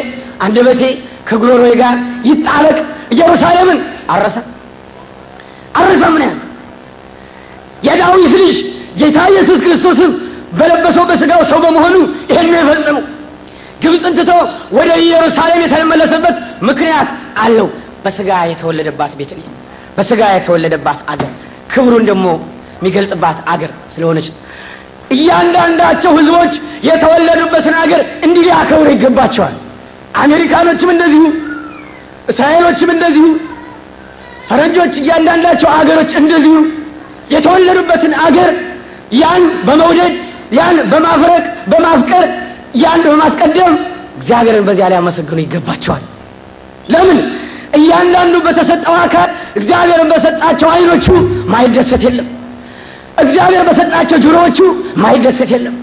አንደበቴ ከጎሮዬ ጋር ይጣበቅ። ኢየሩሳሌምን አረሳ አረሳ ምን ያህል የዳዊት ልጅ ጌታ ኢየሱስ ክርስቶስም በለበሰው በስጋው ሰው በመሆኑ ይሄን ነው የፈጸመው። ግብፅን ትቶ ወደ ኢየሩሳሌም የተመለሰበት ምክንያት አለው። በስጋ የተወለደባት ቤት በስጋ የተወለደባት አገር ክብሩን ደግሞ የሚገልጥባት አገር ስለሆነች እያንዳንዳቸው ህዝቦች የተወለዱበትን ሀገር እንዲህ ሊያከብሩ ይገባቸዋል አሜሪካኖችም እንደዚሁ እስራኤሎችም እንደዚሁ ፈረንጆች እያንዳንዳቸው አገሮች እንደዚሁ የተወለዱበትን አገር ያን በመውደድ ያን በማፍረቅ በማፍቀር ያን በማስቀደም እግዚአብሔርን በዚያ ላይ አመሰግኑ ይገባቸዋል ለምን እያንዳንዱ በተሰጠው አካል እግዚአብሔርን በሰጣቸው አይኖቹ ማይደሰት የለም እግዚአብሔር በሰጣቸው ጆሮዎቹ ማይደሰት የለም።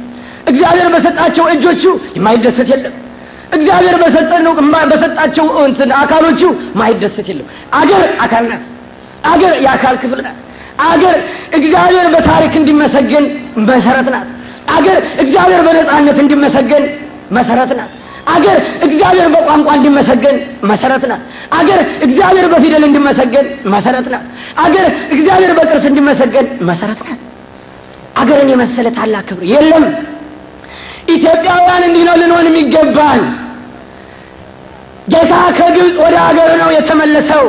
እግዚአብሔር በሰጣቸው እጆቹ የማይደሰት የለም። እግዚአብሔር በሰጣቸው እንትን አካሎቹ ማይደሰት የለም። አገር አካል ናት። አገር የአካል ክፍል ናት። አገር እግዚአብሔር በታሪክ እንዲመሰገን መሰረት ናት። አገር እግዚአብሔር በነፃነት እንዲመሰገን መሰረት ናት። አገር እግዚአብሔር በቋንቋ እንዲመሰገን መሰረት ናት። አገር እግዚአብሔር በፊደል እንዲመሰገን መሰረት ናት። አገር እግዚአብሔር በቅርስ እንዲመሰገን መሰረት ናት። አገርን የመሰለ ታላቅ ክብር የለም። ኢትዮጵያውያን እንዲህ ነው ልንሆን የሚገባል። ጌታ ከግብፅ ወደ አገሩ ነው የተመለሰው።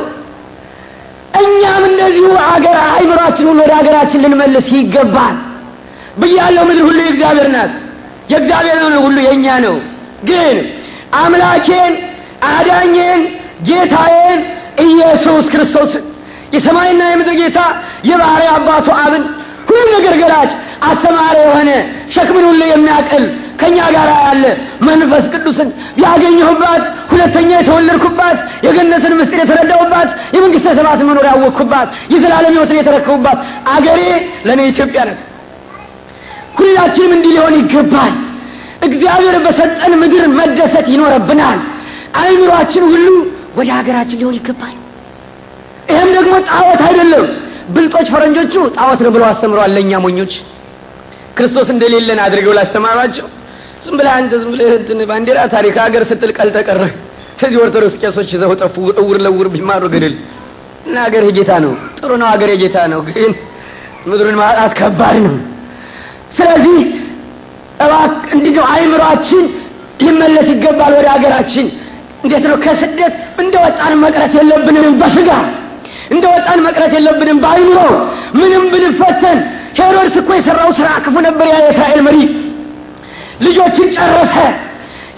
እኛም እንደዚሁ አገር አይምሯችን ሁሉ ወደ አገራችን ልንመልስ ይገባል ብያለው። ምድር ሁሉ የእግዚአብሔር ናት። የእግዚአብሔር ሁሉ የእኛ ነው። ግን አምላኬን አዳኜን ጌታዬን ኢየሱስ ክርስቶስ የሰማይና የምድር ጌታ የባሕርይ አባቱ አብን ሁሉ ነገር ገላጭ አስተማሪ የሆነ ሸክምን ሁሉ የሚያቅል ከእኛ ጋር ያለ መንፈስ ቅዱስን ያገኘሁባት ሁለተኛ የተወለድኩባት የገነትን ምስጢር የተረዳሁባት የመንግሥተ ሰባት መኖር ያወቅኩባት የዘላለም ሕይወትን የተረከቡባት አገሬ ለእኔ ኢትዮጵያ ነት ሁላችንም እንዲህ ሊሆን ይገባል። እግዚአብሔር በሰጠን ምድር መደሰት ይኖረብናል። አእምሯችን ሁሉ ወደ ሀገራችን ሊሆን ይገባል። ይህም ደግሞ ጣዖት አይደለም። ብልጦች ፈረንጆቹ ጣዖት ነው ብለው አስተምረዋል። ለእኛ ሞኞች ክርስቶስ እንደሌለን አድርገው ላስተማሯቸው ዝም ብለህ አንተ ዝም ብለህ እንትን ባንዲራ ታሪክ ሀገር ስትል ቀልጠ ቀረ። ከዚህ ኦርቶዶክስ ቄሶች ይዘው ጠፉ። እውር ለውር ቢማሩ ግድል እና ሀገር የጌታ ነው። ጥሩ ነው፣ ሀገር የጌታ ነው። ግን ምድሩን ማጣት ከባድ ነው። ስለዚህ እባክህ እንዲህ ነው አይምሯችን ሊመለስ ይገባል ወደ ሀገራችን እንዴት ነው ከስደት እንደ ወጣን መቅረት የለብንም በስጋ እንደ ወጣን መቅረት የለብንም በአይምሮ ምንም ብንፈተን ሄሮድስ እኮ የሰራው ስራ ክፉ ነበር ያ የእስራኤል መሪ ልጆችን ጨረሰ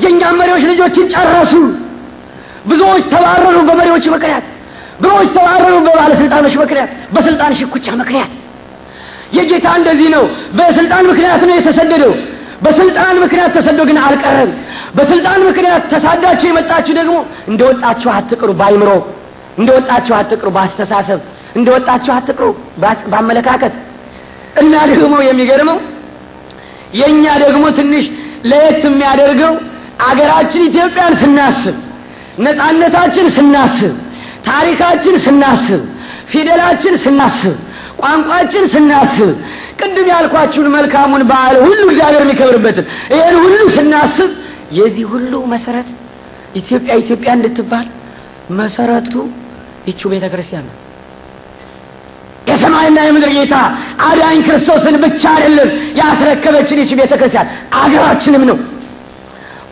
የእኛ መሪዎች ልጆችን ጨረሱ ብዙዎች ተባረሩ በመሪዎች ምክንያት ብዙዎች ተባረሩ በባለስልጣኖች ምክንያት በስልጣን ሽኩቻ ምክንያት የጌታ እንደዚህ ነው በስልጣን ምክንያት ነው የተሰደደው በስልጣን ምክንያት ተሰዶ ግን አልቀረም በስልጣን ምክንያት ተሳዳችሁ የመጣችሁ ደግሞ እንደወጣችሁ አትቅሩ። ባይምሮ እንደወጣችሁ አትቅሩ። በአስተሳሰብ እንደወጣችሁ አትቅሩ። በአመለካከት እና ደግሞ የሚገርመው የእኛ ደግሞ ትንሽ ለየት የሚያደርገው አገራችን ኢትዮጵያን ስናስብ፣ ነፃነታችን ስናስብ፣ ታሪካችን ስናስብ፣ ፊደላችን ስናስብ፣ ቋንቋችን ስናስብ ቅድም ያልኳችሁን መልካሙን በዓል ሁሉ እግዚአብሔር የሚከብርበትን ይህን ሁሉ ስናስብ የዚህ ሁሉ መሰረት ኢትዮጵያ ኢትዮጵያ እንድትባል መሰረቱ ይቹ ቤተ ክርስቲያን ነው። የሰማይና የምድር ጌታ አዳኝ ክርስቶስን ብቻ አይደለም ያስረከበችን ይቺ ቤተ ክርስቲያን፣ አገራችንም ነው፣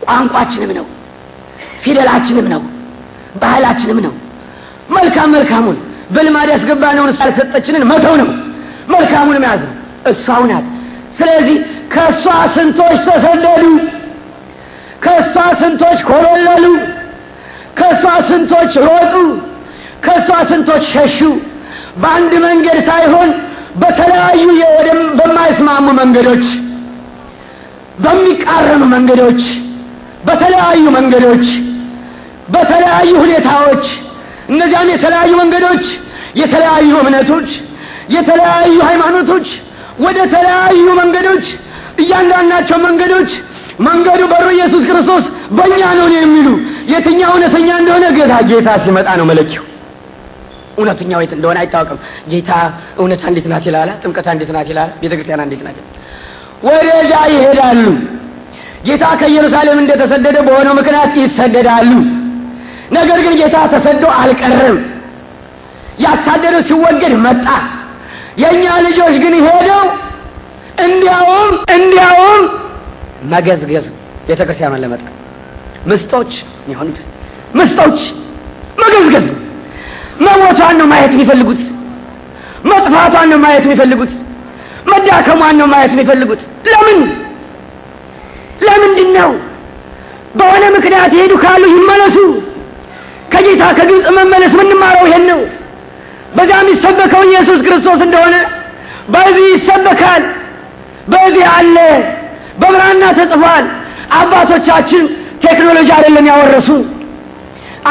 ቋንቋችንም ነው፣ ፊደላችንም ነው፣ ባህላችንም ነው። መልካም መልካሙን በልማድ ያስገባነውን ሳልሰጠችንን መተው ነው፣ መልካሙን መያዝ ነው። እሷው ናት። ስለዚህ ከእሷ ስንቶች ተሰደዱ? ከእሷ ስንቶች ኮበለሉ፣ ከእሷ ስንቶች ሮጡ፣ ከእሷ ስንቶች ሸሹ። በአንድ መንገድ ሳይሆን በተለያዩ በማይስማሙ መንገዶች፣ በሚቃረኑ መንገዶች፣ በተለያዩ መንገዶች፣ በተለያዩ ሁኔታዎች እነዚያም የተለያዩ መንገዶች፣ የተለያዩ እምነቶች፣ የተለያዩ ሃይማኖቶች ወደ ተለያዩ መንገዶች እያንዳንዳቸው መንገዶች መንገዱ በሩ ኢየሱስ ክርስቶስ በእኛ ነው ነው የሚሉ የትኛው እውነተኛ እንደሆነ ጌታ ጌታ ሲመጣ ነው መለኪው እውነተኛ ወይት እንደሆነ አይታወቅም። ጌታ እውነታ እንዴት ናት ይላል፣ ጥምቀታ እንዴት ናት ይላል፣ ቤተክርስቲያን እንዴት ናት ይላል። ይሄዳሉ። ጌታ ከኢየሩሳሌም እንደተሰደደ በሆነው ምክንያት ይሰደዳሉ። ነገር ግን ጌታ ተሰዶ አልቀረም። ያሳደደው ሲወገድ መጣ። የእኛ ልጆች ግን ሄደው እንዲያውም እንዲያውም መገዝገዝ ቤተ ለመጣ ምስጦች የሆኑት ምስጦች መገዝገዝ መሞቷን ነው ማየት የሚፈልጉት። መጥፋቷን ነው ማየት የሚፈልጉት። መዳከሟን ነው ማየት የሚፈልጉት። ለምን ለምንድን ነው? በሆነ ምክንያት ይሄዱ ካሉ ይመለሱ። ከጌታ ከግብፅ መመለስ ምንማረው ይሄን ነው። በዛ የሚሰበከው ኢየሱስ ክርስቶስ እንደሆነ በዚህ ይሰበካል። በዚህ አለ በብራና ተጽፏል። አባቶቻችን ቴክኖሎጂ አይደለም ያወረሱን።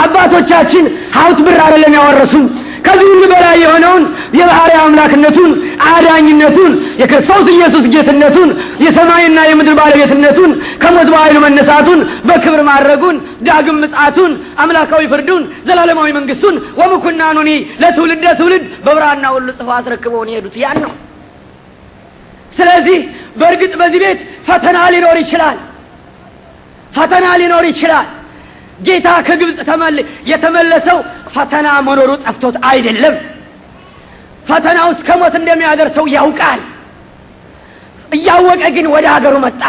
አባቶቻችን ሀብት ብር አይደለም ያወረሱን። ከዚህ ሁሉ በላይ የሆነውን የባህሪ አምላክነቱን፣ አዳኝነቱን፣ የክርስቶስ ኢየሱስ ጌትነቱን፣ የሰማይና የምድር ባለቤትነቱን፣ ከሞት በኃይሉ መነሳቱን፣ በክብር ማድረጉን፣ ዳግም ምጻቱን፣ አምላካዊ ፍርዱን፣ ዘላለማዊ መንግስቱን ወምኩናኑኒ ለትውልደ ትውልድ በብራና ሁሉ ጽፎ አስረክበውን የሄዱት ያን ነው። ስለዚህ በእርግጥ በዚህ ቤት ፈተና ሊኖር ይችላል። ፈተና ሊኖር ይችላል። ጌታ ከግብፅ የተመለሰው ፈተና መኖሩ ጠፍቶት አይደለም። ፈተናው እስከ ሞት እንደሚያደርሰው ያውቃል። እያወቀ ግን ወደ ሀገሩ መጣ።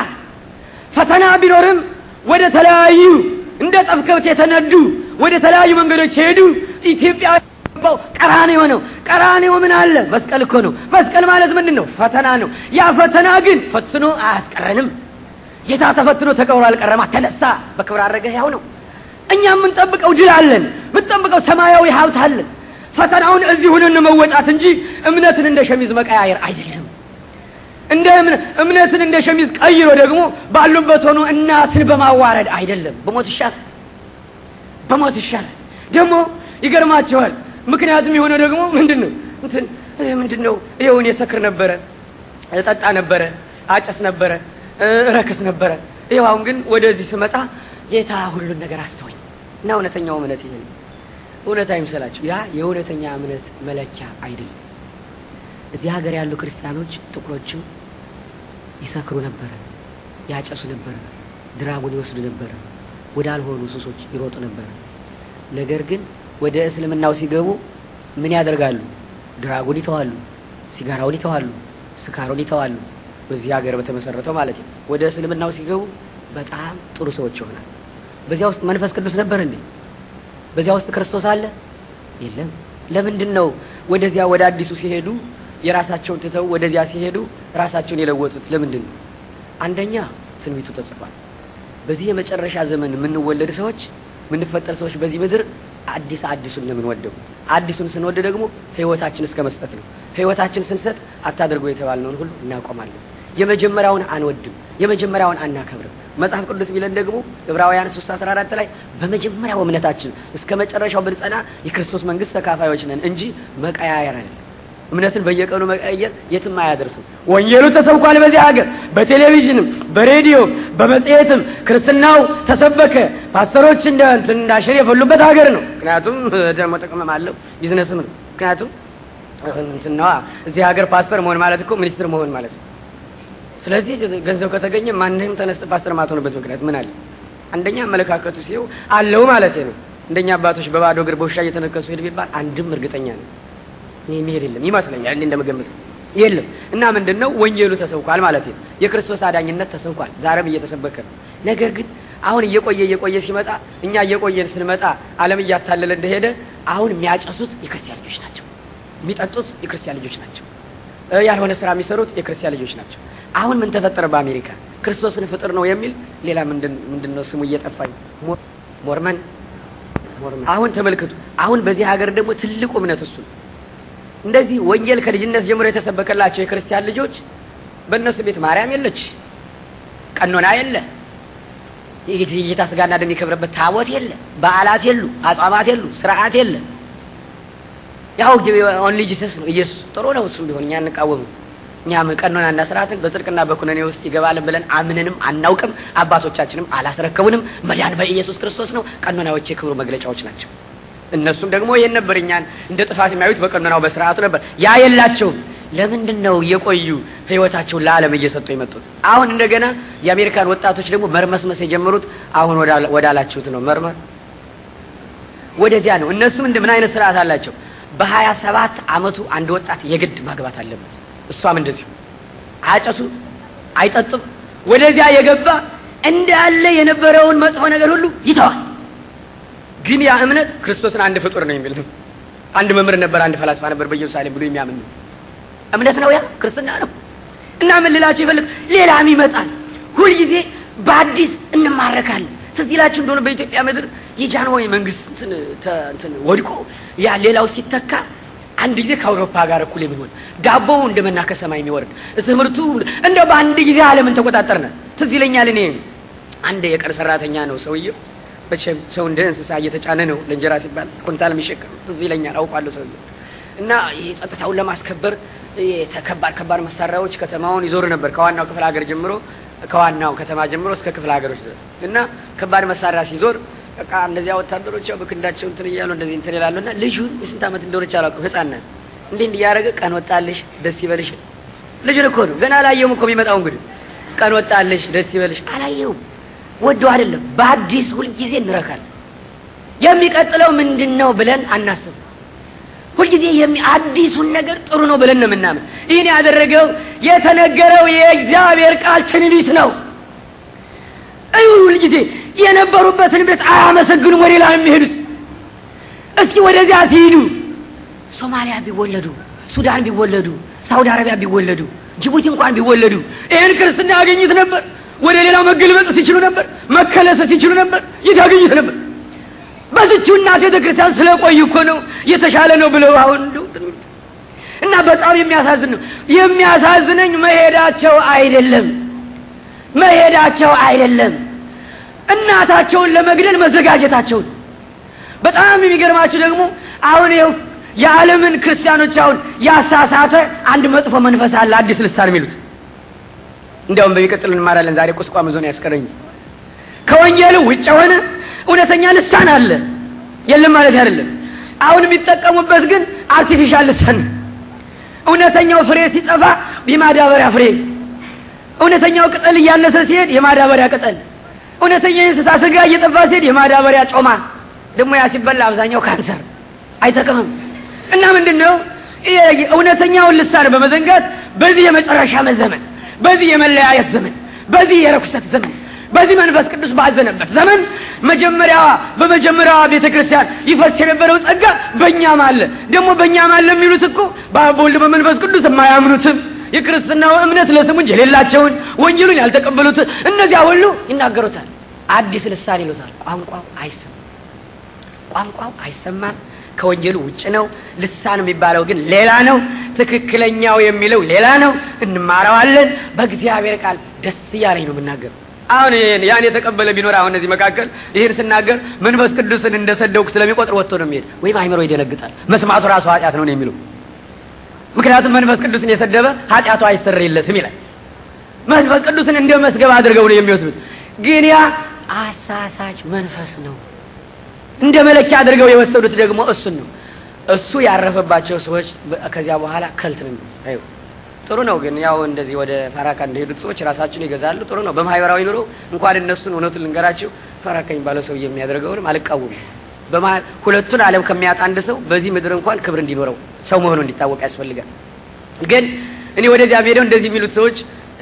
ፈተና ቢኖርም ወደ ተለያዩ እንደ ጠፍከብት የተነዱ ወደ ተለያዩ መንገዶች ሄዱ ኢትዮጵያ የሚገባው ቀራኔው ነው። ቀራኔው ምን አለ? መስቀል እኮ ነው። መስቀል ማለት ምንድን ነው? ፈተና ነው። ያ ፈተና ግን ፈትኖ አያስቀረንም። ጌታ ተፈትኖ ተቀብሮ አልቀረማ፣ ተነሳ፣ በክብር አረገ። ያው ነው። እኛ የምንጠብቀው ድል አለን፣ የምንጠብቀው ሰማያዊ ሀብት አለን። ፈተናውን እዚህ ሆነን መወጣት እንጂ እምነትን እንደ ሸሚዝ መቀያየር አይደለም። እንደ እምነትን እንደ ሸሚዝ ቀይሮ ደግሞ ባሉበት ሆኖ እናትን በማዋረድ አይደለም። በሞት ይሻላል፣ በሞት ይሻላል። ደግሞ ይገርማቸዋል ምክንያቱም የሆነ ደግሞ ምንድን ነው እንትን ምንድን ነው ይኸውን የሰክር ነበረ፣ ጠጣ ነበረ፣ አጨስ ነበረ፣ ረክስ ነበረ። ይኸው አሁን ግን ወደዚህ ስመጣ ጌታ ሁሉን ነገር አስተወኝ እና እውነተኛው እምነት ይህ እውነት አይምሰላችሁ፣ ያ የእውነተኛ እምነት መለኪያ አይደለም። እዚህ ሀገር ያሉ ክርስቲያኖች ጥቁሮችም ይሰክሩ ነበረ፣ ያጨሱ ነበረ፣ ድራጉን ይወስዱ ነበረ፣ ወዳልሆኑ ሱሶች ይሮጡ ነበረ። ነገር ግን ወደ እስልምናው ሲገቡ ምን ያደርጋሉ? ድራጉን ይተዋሉ፣ ሲጋራውን ይተዋሉ፣ ስካሩን ይተዋሉ። በዚህ ሀገር በተመሰረተው ማለት ነው። ወደ እስልምናው ሲገቡ በጣም ጥሩ ሰዎች ይሆናል። በዚያ ውስጥ መንፈስ ቅዱስ ነበር እንዴ? በዚያ ውስጥ ክርስቶስ አለ? የለም። ለምንድን ነው ወደዚያ ወደ አዲሱ ሲሄዱ የራሳቸውን ትተው ወደዚያ ሲሄዱ ራሳቸውን የለወጡት ለምንድን ነው? አንደኛ ትንቢቱ ተጽፏል። በዚህ የመጨረሻ ዘመን የምንወለድ ሰዎች የምንፈጠር ሰዎች በዚህ ምድር አዲስ አዲሱን ነው አዲሱን ስንወድ ደግሞ ህይወታችን እስከ መስጠት ነው። ህይወታችን ስንሰጥ አታደርጎ የተባልነውን ሁሉ እናቆማለን። የመጀመሪያውን አንወድም፣ የመጀመሪያውን አናከብርም። መጽሐፍ ቅዱስ ቢለን ደግሞ ዕብራውያን 3 ላይ በመጀመሪያው እምነታችን እስከ መጨረሻው ብንጸና የክርስቶስ መንግስት ተካፋዮች ነን እንጂ መቀያየር አይደለም። እምነትን በየቀኑ መቀየር የትም አያደርስም። ወንጌሉ ተሰብኳል በዚህ ሀገር በቴሌቪዥንም በሬዲዮ በመጽሔትም ክርስትናው ተሰበከ። ፓስተሮች እንዳሸር የፈሉበት ሀገር ነው። ምክንያቱም ደግሞ ጥቅምም አለው ቢዝነስም ነው። ምክንያቱም እንትናዋ እዚህ ሀገር ፓስተር መሆን ማለት እኮ ሚኒስትር መሆን ማለት ነው። ስለዚህ ገንዘብ ከተገኘ ማንም ተነስተ ፓስተር ማትሆንበት ምክንያት ምን አለ? አንደኛ አመለካከቱ ሲው አለው ማለት ነው። እንደኛ አባቶች በባዶ እግር በውሻ እየተነከሱ ሄድ ቢባል አንድም እርግጠኛ ነው ይሄ የለም ይመስለኛል እንደ የለም እና ምንድን ነው ወንጌሉ ተሰብኳል ማለት ነው። የክርስቶስ አዳኝነት ተሰብኳል፣ ዛሬም እየተሰበከ ነው። ነገር ግን አሁን እየቆየ እየቆየ ሲመጣ እኛ እየቆየን ስንመጣ ዓለም እያታለለ እንደሄደ አሁን የሚያጨሱት የክርስቲያን ልጆች ናቸው። የሚጠጡት የክርስቲያን ልጆች ናቸው። ያልሆነ ስራ የሚሰሩት የክርስቲያን ልጆች ናቸው። አሁን ምን ተፈጠረ? በአሜሪካ ክርስቶስን ፍጥር ነው የሚል ሌላ ምንድን ነው ስሙ እየጠፋኝ ሞርመን አሁን ተመልክቱ። አሁን በዚህ ሀገር ደግሞ ትልቁ እምነት እሱ ነው። እንደዚህ ወንጌል ከልጅነት ጀምሮ የተሰበከላቸው የክርስቲያን ልጆች በእነሱ ቤት ማርያም የለች፣ ቀኖና የለ፣ የጌታ ስጋና ደም የሚከብርበት ታቦት የለ፣ በዓላት የሉ፣ አጽዋማት የሉ፣ ስርዓት የለ። ያው ኦንሊ ጂሰስ ነው ኢየሱስ። ጥሩ ነው እሱም ቢሆን እኛ እንቃወሙ። እኛም ቀኖናና ስርዓትን በጽድቅና በኩነኔ ውስጥ ይገባል ብለን አምነንም አናውቅም። አባቶቻችንም አላስረከቡንም። መዳን በኢየሱስ ክርስቶስ ነው። ቀኖናዎች የክብሩ መግለጫዎች ናቸው። እነሱም ደግሞ ይህን ነበር እኛን እንደ ጥፋት የሚያዩት በቀኖናው በስርዓቱ ነበር። ያ የላቸውም። ለምንድን ነው የቆዩ ህይወታቸውን ለዓለም እየሰጡ የመጡት? አሁን እንደገና የአሜሪካን ወጣቶች ደግሞ መርመስመስ የጀመሩት አሁን ወዳላችሁት ነው። መርመር ወደዚያ ነው። እነሱም ምን አይነት ስርዓት አላቸው? በሀያ ሰባት አመቱ አንድ ወጣት የግድ ማግባት አለበት። እሷም እንደዚሁ አያጨሱም፣ አይጠጡም። ወደዚያ የገባ እንዳለ የነበረውን መጥፎ ነገር ሁሉ ይተዋል። ግን ያ እምነት ክርስቶስን አንድ ፍጡር ነው የሚል ነው። አንድ መምህር ነበር፣ አንድ ፈላስፋ ነበር በኢየሩሳሌም ብሎ የሚያምን ነው። እምነት ነው ያ ክርስትና ነው። እና ምን ልላችሁ ይፈልግ ሌላም ይመጣል። ሁልጊዜ በአዲስ እንማረካለን። ትዝ ይላችሁ እንደሆነ በኢትዮጵያ ምድር የጃንሆይ መንግስት እንትን ወድቆ ያ ሌላው ሲተካ አንድ ጊዜ ከአውሮፓ ጋር እኩል የሚሆን ዳቦው እንደ መና ከሰማይ የሚወርድ ትምህርቱ እንደ በአንድ ጊዜ ዓለምን ተቆጣጠርነ። ትዝ ይለኛል እኔ አንድ የቀን ሰራተኛ ነው ሰውዬው መቼም ሰው እንደ እንስሳ እየተጫነ ነው ለእንጀራ ሲባል ኩንታል የሚሸክም ትዝ ይለኛል፣ አውቋለሁ ሰው እና ይህ ጸጥታውን ለማስከበር ከባድ ከባድ መሳሪያዎች ከተማውን ይዞሩ ነበር ከዋናው ክፍለ ሀገር ጀምሮ ከዋናው ከተማ ጀምሮ እስከ ክፍለ ሀገሮች ድረስ እና ከባድ መሳሪያ ሲዞር በቃ እንደዚያ ወታደሮች ያው በክንዳቸው እንትን እያሉ እንደዚህ እንትን ይላሉ። እና ልጁን የስንት ዓመት እንደሆነች አላውቅም፣ ህጻን ናት። እንዲህ እያደረገ ቀን ወጣልሽ ደስ ይበልሽ። ልጁን እኮ ነው ገና አላየውም እኮ የሚመጣው እንግዲህ ቀን ወጣልሽ ደስ ይበልሽ። አላየውም ወዶ አይደለም፣ በአዲስ ሁልጊዜ እንረካለን። የሚቀጥለው ምንድን ነው ብለን አናስብ። ሁልጊዜ አዲሱን ነገር ጥሩ ነው ብለን ነው የምናምን። ይህን ያደረገው የተነገረው የእግዚአብሔር ቃል ትንቢት ነው። እዩ፣ ሁልጊዜ የነበሩበትን ቤት አያመሰግኑም። ወደ ሌላ የሚሄዱት እስኪ ወደዚያ ሲሄዱ ሶማሊያ ቢወለዱ፣ ሱዳን ቢወለዱ፣ ሳውዲ አረቢያ ቢወለዱ፣ ጅቡቲ እንኳን ቢወለዱ ይህን ክርስትና ያገኙት ነበር። ወደ ሌላ መገልበጥ ሲችሉ ነበር፣ መከለሰ ሲችሉ ነበር፣ የት ያገኙት ነበር? በዚች እናት ቤተ ክርስቲያን ስለቆይ እኮ ነው የተሻለ ነው ብለው አሁን እና በጣም የሚያሳዝን ነው። የሚያሳዝነኝ መሄዳቸው አይደለም መሄዳቸው አይደለም እናታቸውን ለመግደል መዘጋጀታቸውን። በጣም የሚገርማችሁ ደግሞ አሁን ይኸው የዓለምን ክርስቲያኖች አሁን ያሳሳተ አንድ መጥፎ መንፈስ አለ፣ አዲስ ልሳን የሚሉት እንዲያውም በሚቀጥል እንማራለን። ዛሬ ቁስቋም ዞን ያስቀረኝ ከወንጀሉ ውጭ የሆነ እውነተኛ ልሳን አለ የለም ማለት አይደለም። አሁን የሚጠቀሙበት ግን አርቲፊሻል ልሳን እውነተኛው ፍሬ ሲጠፋ የማዳበሪያ ፍሬ፣ እውነተኛው ቅጠል እያነሰ ሲሄድ የማዳበሪያ ቅጠል፣ እውነተኛ የእንስሳ ስጋ እየጠፋ ሲሄድ የማዳበሪያ ጮማ። ደግሞ ያ ሲበላ አብዛኛው ካንሰር አይጠቅምም። እና ምንድን ነው እውነተኛውን ልሳን በመዘንጋት በዚህ የመጨረሻ መዘመን? በዚህ የመለያየት ዘመን፣ በዚህ የረኩሰት ዘመን፣ በዚህ መንፈስ ቅዱስ ባዘነበት ዘመን መጀመሪያ በመጀመሪያዋ ቤተ ክርስቲያን ይፈስ የነበረው ጸጋ በእኛም አለ። ደግሞ በእኛም አለ የሚሉት እኮ በአቦወልድ በመንፈስ ቅዱስ የማያምኑትም የክርስትናው እምነት ለስሙ እንጂ የሌላቸውን ወንጀሉን ያልተቀበሉት እነዚያ ሁሉ ይናገሩታል። አዲስ ልሳን ይሉታል። ቋንቋው አይሰማም፣ ቋንቋው አይሰማም። ከወንጀሉ ውጭ ነው። ልሳን የሚባለው ግን ሌላ ነው። ትክክለኛው የሚለው ሌላ ነው። እንማረዋለን። በእግዚአብሔር ቃል ደስ እያለኝ ነው የምናገረው። አሁን ይህን ያን የተቀበለ ቢኖር አሁን እዚህ መካከል ይህን ስናገር መንፈስ ቅዱስን እንደሰደውክ ስለሚቆጥር ወጥቶ ነው የሚሄድ፣ ወይም አይምሮ ይደነግጣል። መስማቱ ራሱ ኃጢአት ነው የሚለው ምክንያቱም መንፈስ ቅዱስን የሰደበ ኃጢአቱ አይሰረይለትም ይላል። መንፈስ ቅዱስን እንደ መስገብ አድርገው ነው የሚወስዱት። ግን ያ አሳሳች መንፈስ ነው። እንደ መለኪያ አድርገው የወሰዱት ደግሞ እሱን ነው። እሱ ያረፈባቸው ሰዎች ከዚያ በኋላ ከልት ነው። ጥሩ ነው ግን ያው እንደዚህ ወደ ፈራካ እንደሄዱት ሰዎች ራሳቸውን ይገዛሉ። ጥሩ ነው። በማህበራዊ ኑሮ እንኳን እነሱን እውነቱን ልንገራቸው ፈራካኝ ባለ ሰው የሚያደርገውን አልቃወምም። ሁለቱን ዓለም ከሚያጣ አንድ ሰው በዚህ ምድር እንኳን ክብር እንዲኖረው ሰው መሆኑ እንዲታወቅ ያስፈልጋል። ግን እኔ ወደዚያ ሄደው እንደዚህ የሚሉት ሰዎች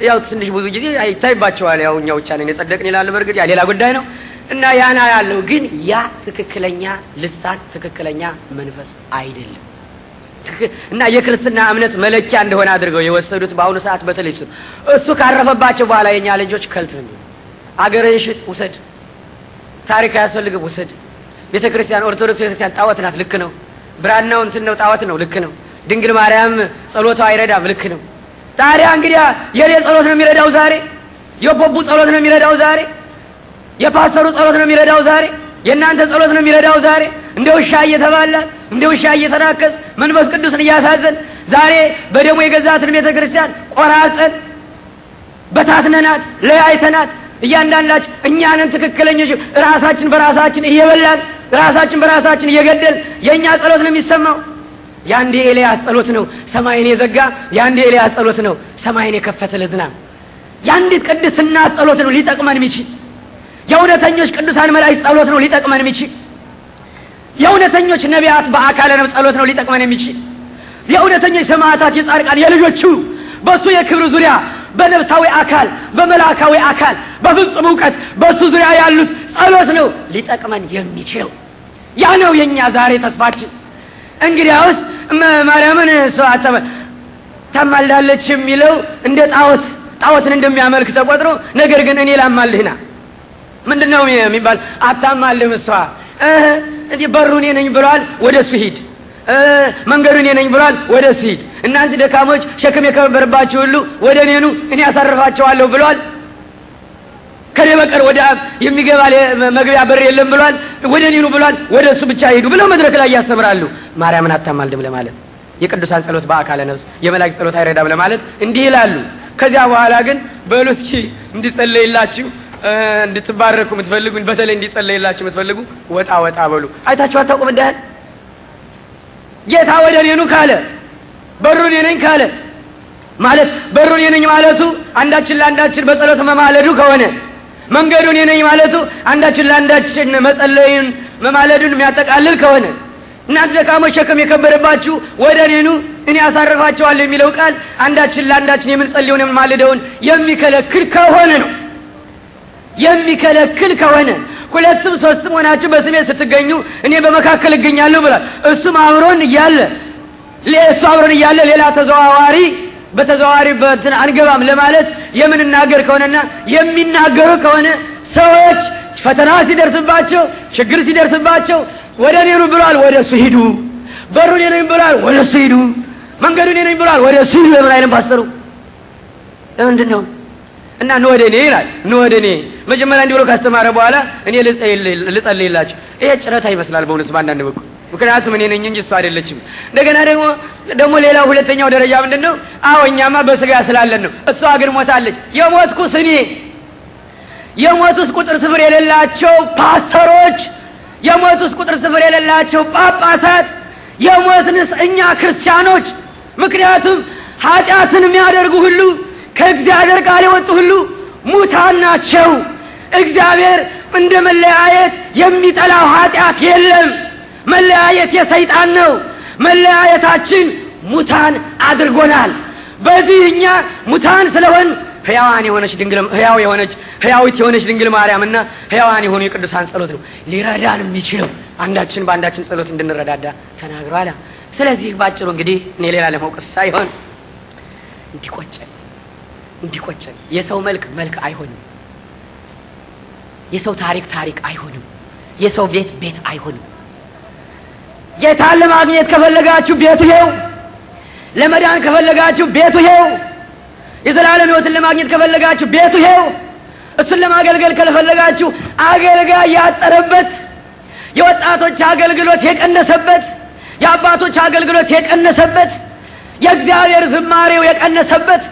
ያው ትንሽ ብዙ ጊዜ አይታይባቸዋል ያው እኛ ብቻ ነን የጸደቅን ይላሉ። በእርግጥ ያ ሌላ ጉዳይ ነው። እና ያና ያለው ግን ያ ትክክለኛ ልሳን ትክክለኛ መንፈስ አይደለም እና የክርስትና እምነት መለኪያ እንደሆነ አድርገው የወሰዱት በአሁኑ ሰዓት በተለይ እሱ ካረፈባቸው በኋላ የኛ ልጆች ከልት ነው። አገርህን ሽጥ ውሰድ፣ ታሪክ አያስፈልግም ውሰድ። ቤተ ክርስቲያን ኦርቶዶክስ ቤተ ክርስቲያን ጣዖት ናት፣ ልክ ነው። ነው እንትን ነው፣ ጣዖት ነው፣ ልክ ነው። ድንግል ማርያም ጸሎቷ አይረዳም፣ ልክ ነው። ታዲያ እንግዲያ የኔ ጸሎት ነው የሚረዳው ዛሬ፣ የቦቡ ጸሎት ነው የሚረዳው ዛሬ የፓስተሩ ጸሎት ነው የሚረዳው ዛሬ የእናንተ ጸሎት ነው የሚረዳው ዛሬ እንደ ውሻ እየተባላ እንደ ውሻ እየተናከስ መንፈስ ቅዱስን እያሳዘን ዛሬ በደሞ የገዛትን ቤተ ክርስቲያን ቆራርጠን በታትነናት ለያይተናት እያንዳንዳች እኛንን ትክክለኞች ራሳችን በራሳችን እየበላን ራሳችን በራሳችን እየገደል የእኛ ጸሎት ነው የሚሰማው የአንድ ኤልያስ ጸሎት ነው ሰማይን የዘጋ የአንድ ኤልያስ ጸሎት ነው ሰማይን የከፈተ ለዝናም የአንዲት ቅድስና ጸሎት ነው ሊጠቅመን የሚችል የእውነተኞች ቅዱሳን መላእክት ጸሎት ነው ሊጠቅመን የሚችል የእውነተኞች ነቢያት በአካለ ነብ ጸሎት ነው ሊጠቅመን የሚችል የእውነተኞች ሰማዕታት የጻድቃን የልጆቹ በእሱ የክብር ዙሪያ በነብሳዊ አካል በመላካዊ አካል በፍጹም እውቀት በእሱ ዙሪያ ያሉት ጸሎት ነው ሊጠቅመን የሚችለው ያ ነው የእኛ ዛሬ ተስፋችን እንግዲያውስ ማርያምን እሷ ተማልዳለች የሚለው እንደ ጣዖት ጣዖትን እንደሚያመልክ ተቆጥሮ ነገር ግን እኔ ላማልህና ምንድን ነው የሚባል አታማልም። እሷ እንዲህ በሩ እኔ ነኝ ብሏል፣ ወደ እሱ ሂድ። መንገዱ እኔ ነኝ ብሏል፣ ወደ እሱ ሂድ። እናንተ ደካሞች ሸክም የከበረባችሁ ሁሉ ወደ እኔኑ እኔ ያሳርፋቸዋለሁ ብሏል። ከኔ በቀር ወደ አብ የሚገባ መግቢያ በር የለም ብሏል። ወደ እኔኑ ብሏል፣ ወደ እሱ ብቻ ሂዱ ብለው መድረክ ላይ ያስተምራሉ። ማርያምን አታማልድም ለማለት የቅዱሳን ጸሎት በአካለ ነፍስ የመላእክት ጸሎት አይረዳም ለማለት እንዲህ ይላሉ። ከዚያ በኋላ ግን በሉት እንዲጸለይላችሁ እንድትባረኩ የምትፈልጉ በተለይ እንዲጸለይላችሁ የምትፈልጉ ወጣ ወጣ በሉ። አይታችሁ አታውቁም? እንዳያል ጌታ ወደ እኔኑ ካለ በሩን የነኝ ካለ ማለት በሩን የነኝ ማለቱ አንዳችን ለአንዳችን በጸሎት መማለዱ ከሆነ መንገዱን የነኝ ማለቱ አንዳችን ለአንዳችን መጸለይን መማለዱን የሚያጠቃልል ከሆነ እናንተ ደካሞች ሸክም የከበረባችሁ ወደ እኔኑ እኔ አሳርፋቸዋለሁ የሚለው ቃል አንዳችን ለአንዳችን የምንጸልየውን የምንማልደውን የሚከለክል ከሆነ ነው። የሚከለክል ከሆነ ሁለትም ሶስትም ሆናችሁ በስሜ ስትገኙ እኔ በመካከል እገኛለሁ ብሏል። እሱም አብሮን እያለ እሱ አብሮን እያለ ሌላ ተዘዋዋሪ በተዘዋዋሪ በትን አንገባም ለማለት የምንናገር ከሆነና የሚናገሩ ከሆነ ሰዎች ፈተና ሲደርስባቸው ችግር ሲደርስባቸው ወደ እኔኑ ብሏል፣ ወደ እሱ ሂዱ። በሩ እኔ ነኝ ብሏል፣ ወደ እሱ ሂዱ። መንገዱ እኔ ነኝ ብሏል፣ ወደ እሱ ሂዱ። የምን አይለም ባሰሩ ለምንድን ነው እና ኑ ወደ እኔ ይላል። ኑ ወደ እኔ መጀመሪያ እንዲህ ብሎ ካስተማረ በኋላ እኔ ልጸልይላቸው። ይሄ ጭረታ ይመስላል በእውነት በአንዳንድ በኩል ምክንያቱም እኔ ነኝ እንጂ እሱ አይደለችም። እንደገና ደግሞ ደግሞ ሌላ ሁለተኛው ደረጃ ምንድን ነው? አዎ እኛማ በስጋ ስላለን ነው። እሷ ግን ሞታለች። የሞትኩስ እኔ የሞቱስ ቁጥር ስፍር የሌላቸው ፓስተሮች፣ የሞቱስ ቁጥር ስፍር የሌላቸው ጳጳሳት፣ የሞትንስ እኛ ክርስቲያኖች። ምክንያቱም ኃጢአትን የሚያደርጉ ሁሉ ከእግዚአብሔር ቃል የወጡ ሁሉ ሙታን ናቸው። እግዚአብሔር እንደ መለያየት የሚጠላው ኃጢአት የለም። መለያየት የሰይጣን ነው። መለያየታችን ሙታን አድርጎናል። በዚህ እኛ ሙታን ስለሆን ሕያዋን የሆነች ድንግል ሕያው የሆነች ሕያዊት የሆነች ድንግል ማርያምና ሕያዋን የሆኑ የቅዱሳን ጸሎት ነው ሊረዳን የሚችለው አንዳችን በአንዳችን ጸሎት እንድንረዳዳ ተናግሯል። ስለዚህ ባጭሩ እንግዲህ እኔ ሌላ ለመውቀስ ሳይሆን እንዲቆጨኝ እንዲቆጨን። የሰው መልክ መልክ አይሆንም። የሰው ታሪክ ታሪክ አይሆንም። የሰው ቤት ቤት አይሆንም። ጌታን ለማግኘት ከፈለጋችሁ ቤቱ ይሄው። ለመዳን ከፈለጋችሁ ቤቱ ይሄው። የዘላለም ህይወትን ለማግኘት ከፈለጋችሁ ቤቱ ይሄው። እሱን ለማገልገል ከፈለጋችሁ አገልጋይ ያጠረበት፣ የወጣቶች አገልግሎት የቀነሰበት፣ የአባቶች አገልግሎት የቀነሰበት፣ የእግዚአብሔር ዝማሬው የቀነሰበት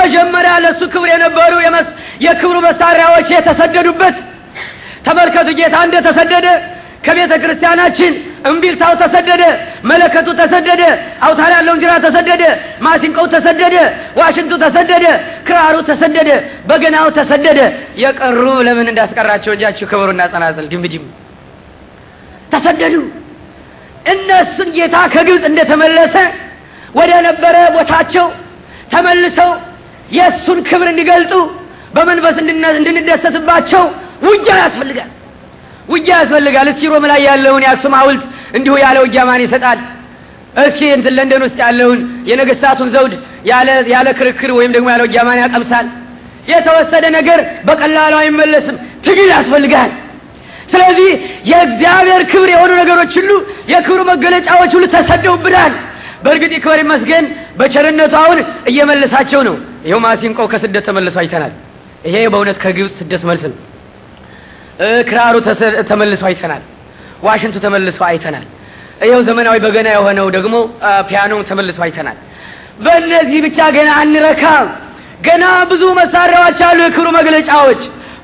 መጀመሪያ ለእሱ ክብር የነበሩ የክብሩ መሳሪያዎች የተሰደዱበት ተመልከቱ። ጌታ ተሰደደ ከቤተ ክርስቲያናችን እምቢልታው ተሰደደ፣ መለከቱ ተሰደደ፣ አውታር ያለው እንዚራ ተሰደደ፣ ማሲንቀው ተሰደደ፣ ዋሽንቱ ተሰደደ፣ ክራሩ ተሰደደ፣ በገናው ተሰደደ። የቀሩ ለምን እንዳስቀራቸው እንጃችሁ ክብሩ ጸናጽል ድምድም ተሰደዱ። እነሱን ጌታ ከግብፅ እንደተመለሰ ወደ ነበረ ቦታቸው ተመልሰው የእሱን ክብር እንዲገልጡ በመንፈስ እንድንደሰትባቸው ውጊያ ያስፈልጋል። ውጊያ ያስፈልጋል። እስኪ ሮም ላይ ያለውን የአክሱም ሀውልት እንዲሁ ያለ ውጊያ ማን ይሰጣል? እስኪ እንትን ለንደን ውስጥ ያለውን የነገስታቱን ዘውድ ያለ ክርክር ወይም ደግሞ ያለ ውጊያ ማን ያቀምሳል? የተወሰደ ነገር በቀላሉ አይመለስም። ትግል ያስፈልጋል። ስለዚህ የእግዚአብሔር ክብር የሆኑ ነገሮች ሁሉ የክብሩ መገለጫዎች ሁሉ ተሰደውብናል። በእርግጥ ክበር ይመስገን፣ በቸርነቱ አሁን እየመለሳቸው ነው። ይኸው ማሲንቆው ከስደት ተመልሶ አይተናል። ይሄ በእውነት ከግብፅ ስደት መልስ ነው። ክራሩ ተመልሶ አይተናል። ዋሽንቱ ተመልሶ አይተናል። ይኸው ዘመናዊ በገና የሆነው ደግሞ ፒያኖ ተመልሶ አይተናል። በእነዚህ ብቻ ገና አንረካም። ገና ብዙ መሳሪያዎች አሉ፣ የክብሩ መግለጫዎች።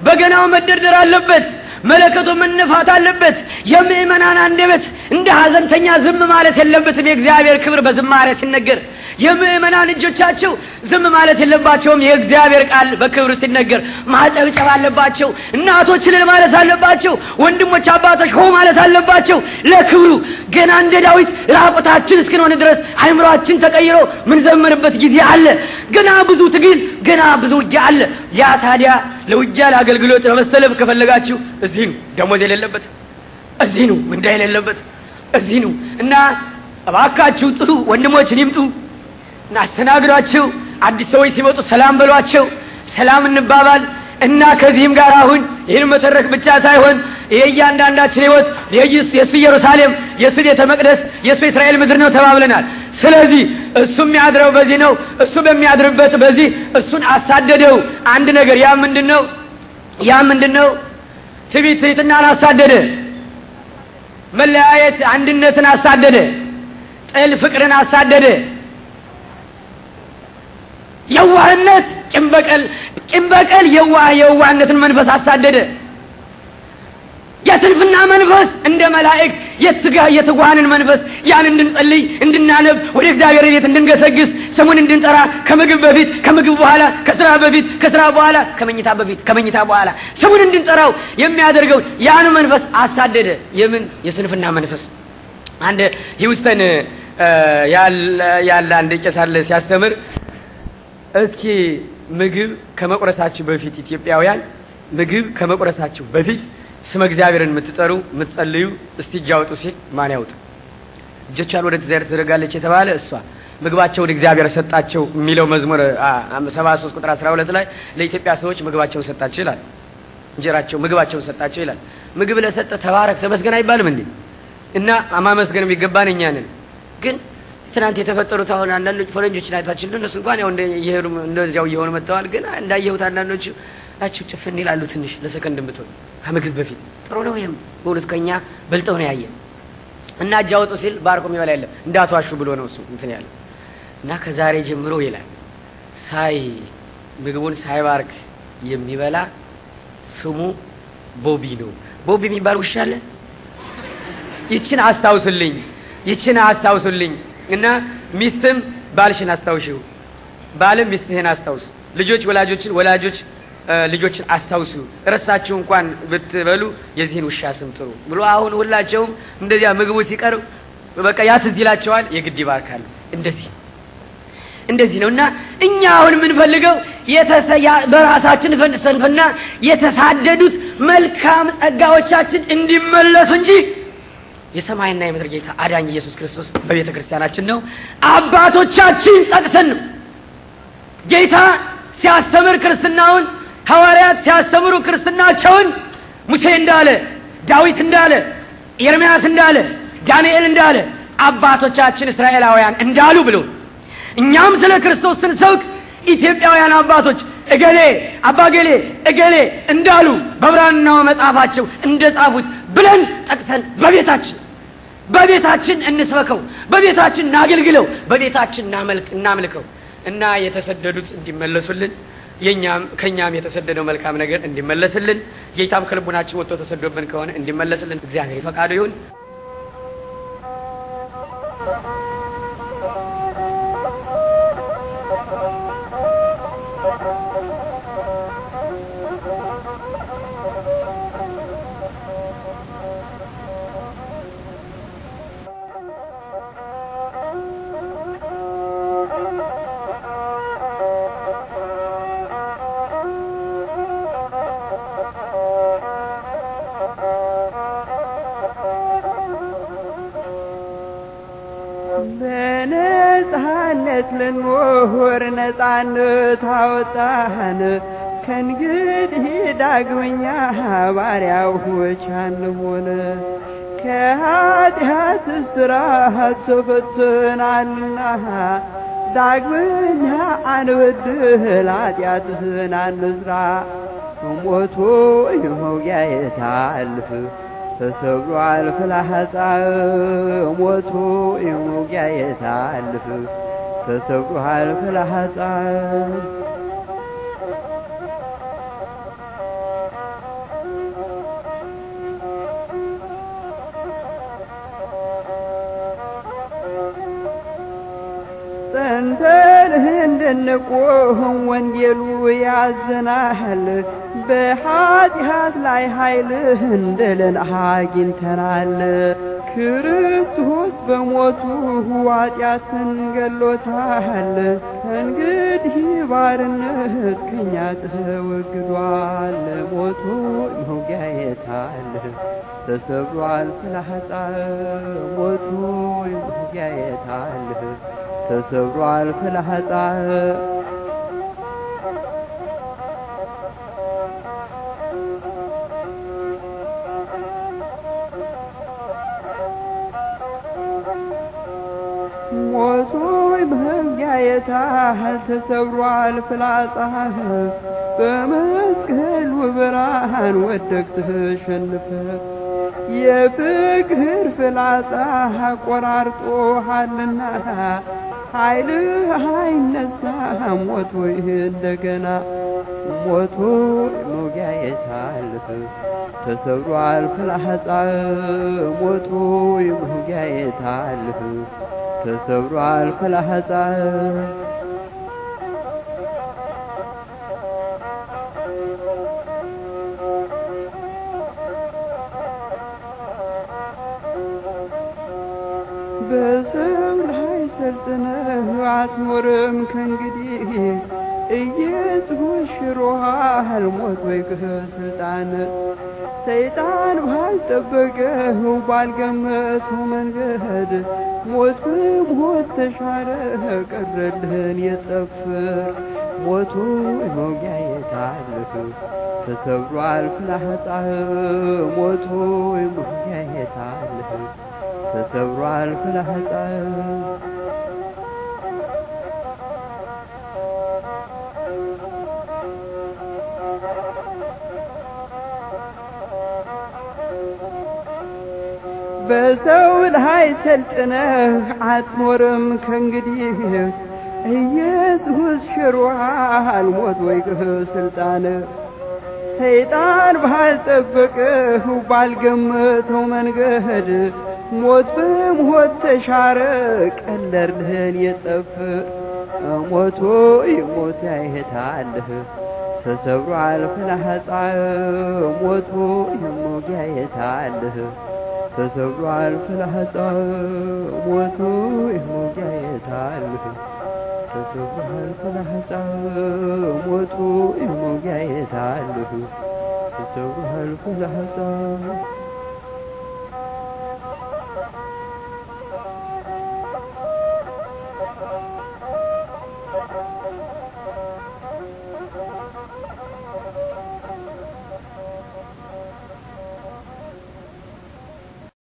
በገናው መደርደር አለበት፣ መለከቱ መነፋት አለበት። የምእመናን አንደበት እንደ ሀዘንተኛ ዝም ማለት የለበትም። የእግዚአብሔር ክብር በዝማሬ ሲነገር የምእመናን እጆቻቸው ዝም ማለት የለባቸውም። የእግዚአብሔር ቃል በክብር ሲነገር ማጨብጨብ አለባቸው። እናቶች እልል ማለት አለባቸው። ወንድሞች፣ አባቶች ሆ ማለት አለባቸው። ለክብሩ ገና እንደ ዳዊት ራቁታችን እስክንሆን ድረስ አይምሯችን ተቀይሮ ምንዘምርበት ጊዜ አለ። ገና ብዙ ትግል፣ ገና ብዙ ውጊያ አለ። ያ ታዲያ ለውጊያ ለአገልግሎት ለመሰለብ ከፈለጋችሁ እዚህ ነው ደሞዝ የሌለበት፣ እዚህ ነው ምንዳ የሌለበት፣ እዚህ ነው እና እባካችሁ ጥሩ ወንድሞችን ይምጡ። አስተናግዷቸው። አዲስ ሰዎች ሲመጡ ሰላም በሏቸው፣ ሰላም እንባባል እና ከዚህም ጋር አሁን ይህን መተረክ ብቻ ሳይሆን የእያንዳንዳችን ህይወት የእሱ ኢየሩሳሌም የእሱ ቤተ መቅደስ የእሱ የእስራኤል ምድር ነው ተባብለናል። ስለዚህ እሱ የሚያድረው በዚህ ነው። እሱ በሚያድርበት በዚህ እሱን አሳደደው አንድ ነገር ያ ምንድን ነው? ያ ምንድን ነው? ትቢት ትሕትናን አሳደደ። መለያየት አንድነትን አሳደደ። ጥል ፍቅርን አሳደደ። የዋህነት ቂም በቀል ቂም በቀል የዋህ የዋህነትን መንፈስ አሳደደ የስንፍና መንፈስ እንደ መላእክት የትጋ የትጓንን መንፈስ ያን እንድንጸልይ እንድናነብ ወደ እግዚአብሔር ቤት እንድንገሰግስ ስሙን እንድንጠራ ከምግብ በፊት ከምግብ በኋላ ከስራ በፊት ከስራ በኋላ ከመኝታ በፊት ከመኝታ በኋላ ስሙን እንድንጠራው የሚያደርገው ያን መንፈስ አሳደደ የምን የስንፍና መንፈስ አንድ ሂውስተን ያለ አንድ ቄስ አለ ሲያስተምር እስኪ ምግብ ከመቁረሳችሁ በፊት ኢትዮጵያውያን ምግብ ከመቁረሳችሁ በፊት ስመ እግዚአብሔርን የምትጠሩ የምትጸልዩ እስቲ እጅ አውጡ ሲል ማን ያውጡ? እጆቿን ወደ እግዚአብሔር ትደርጋለች የተባለ እሷ ምግባቸው ወደ እግዚአብሔር ሰጣቸው የሚለው መዝሙር 73 ቁጥር 12 ላይ ለኢትዮጵያ ሰዎች ምግባቸውን ሰጣቸው ይላል። እንጀራቸው ምግባቸውን ሰጣቸው ይላል። ምግብ ለሰጠ ተባረክ ተመስገን አይባልም እንዴ? እና ማመስገን የሚገባን እኛንን ግን ትናንት የተፈጠሩት አሁን አንዳንዶች ፈረንጆች ናይታችን እነሱ እንኳን ያው እየሄዱ እንደዚያው እየሆኑ መጥተዋል። ግን እንዳየሁት አንዳንዶች ናቸው ጭፍን ይላሉ። ትንሽ ለሰከንድ ብትሆን ከምግብ በፊት ጥሩ ነው። ይህም በእውነት ከኛ በልጠው ነው ያየ እና እጃወጡ ሲል ባርኮ የሚበላ የለም እንዳትዋሹ ብሎ ነው እሱ እንትን ያለ እና ከዛሬ ጀምሮ ይላል ሳይ ምግቡን ሳይባርክ የሚበላ ስሙ ቦቢ ነው። ቦቢ የሚባል ውሻ አለ። ይችን አስታውሱልኝ፣ ይችን አስታውሱልኝ። እና ሚስትም ባልሽን አስታውሽው፣ ባልም ሚስትህን አስታውስ። ልጆች ወላጆችን፣ ወላጆች ልጆችን አስታውሱ። ረሳችሁ እንኳን ብትበሉ የዚህን ውሻ ስም ጥሩ ብሎ አሁን ሁላቸውም እንደዚያ ምግቡ ሲቀር በቃ ያትዝ ይላቸዋል። የግድ ይባርካሉ። እንደዚህ እንደዚህ ነው እና እኛ አሁን የምንፈልገው በራሳችን ፈንድሰንፍና የተሳደዱት መልካም ጸጋዎቻችን እንዲመለሱ እንጂ የሰማይና የምድር ጌታ አዳኝ ኢየሱስ ክርስቶስ በቤተ ክርስቲያናችን ነው። አባቶቻችን ጠቅሰን ነው ጌታ ሲያስተምር ክርስትናውን፣ ሐዋርያት ሲያስተምሩ ክርስትናቸውን ሙሴ እንዳለ፣ ዳዊት እንዳለ፣ ኤርምያስ እንዳለ፣ ዳንኤል እንዳለ፣ አባቶቻችን እስራኤላውያን እንዳሉ ብሎ እኛም ስለ ክርስቶስ ስንሰብክ ኢትዮጵያውያን አባቶች እገሌ አባገሌ እገሌ እንዳሉ በብራናው መጽሐፋቸው እንደ ጻፉት ብለን ጠቅሰን በቤታችን በቤታችን እንስበከው፣ በቤታችን እናገልግለው፣ በቤታችን እናምልከው እና የተሰደዱት እንዲመለሱልን የኛም ከኛም የተሰደደው መልካም ነገር እንዲመለስልን ጌታም ከልቡናችን ወጥቶ ተሰዶብን ከሆነ እንዲመለስልን እግዚአብሔር ፈቃዱ ይሁን። ኪዳን ከእንግዲህ ዳግመኛ ባሪያው ብቻ ሆነ ከኃጢአት ስራ ተፈትናልና ዳግመኛ አንበድል ኃጢአትን አንሥራ። ሞቱ የመውጊያ የታልፍ ተሰብሯል ፍላጻ ሞቱ የመውጊያ የታልፍ አልፍ ፍላጻ አስደንቆህም ወንጌሉ ያዝናህል በኀጢአት ላይ ኃይልህን ድልን አግኝተናል። ክርስቶስ በሞቱ ኀጢአትን ገሎታል። ከእንግዲህ ባርነት ከእኛ ተወግዷል። ሞቱ መውጊያ ተሰብሯል ፍላጻ ሞቱ መውጊያ ተሰብሯል ፍላጻህ ሞቱ መህያ ተሰብሯል ፍላጻህ በመስቀሉ ብርሃን ወደቅትህ ሸንፈህ የፍቅር ፍላጻህ አቆራርጦሃልና ኃይልህ አይነሳም ሞቱ እንደገና ሞቱ መውጊያ የታልፍ ተሰብሯል ፍላጻ ሞቱ መውጊያ የታልፍ ተሰብሯል ፍላጻ በሰው ላይ ሰልጥን አትኖርም ከእንግዲህ ኢየሱስ ሽሮሃል ሞት በይቅህ ስልጣን ሰይጣን ባልጠበቀው ባልገመተው መንገድ ሞት በሞት ተሻረ ቀረልህን የጸፍር ሞቱ መውጊያ የታሪክ ተሰብሯል ፍላጻህ ሞቱ መውጊያ የታሪክ ተሰብሯል ፍላጻህ በሰው ላይ ሰልጥነህ አትኖርም ከእንግዲህ ኢየሱስ ሽሯል ሞት ወይ ስልጣን ሰይጣን ባልጠበቅህ ባልገመተው መንገድ ሞት በሞት ተሻረ ቀለርልህን የጸፍ ሞቶ የሞት ያይህታልህ ተሰብሯል ፍላጻ ሞቶ የሞጊያ የታልህ ተሰብሯል ፍላጻው ሞቱ ይኸው ጋየታል ተሰቅሏል ፍላጻው ሞቱ ይኸው ጋየታል ተሰቅሏል ፍላጻው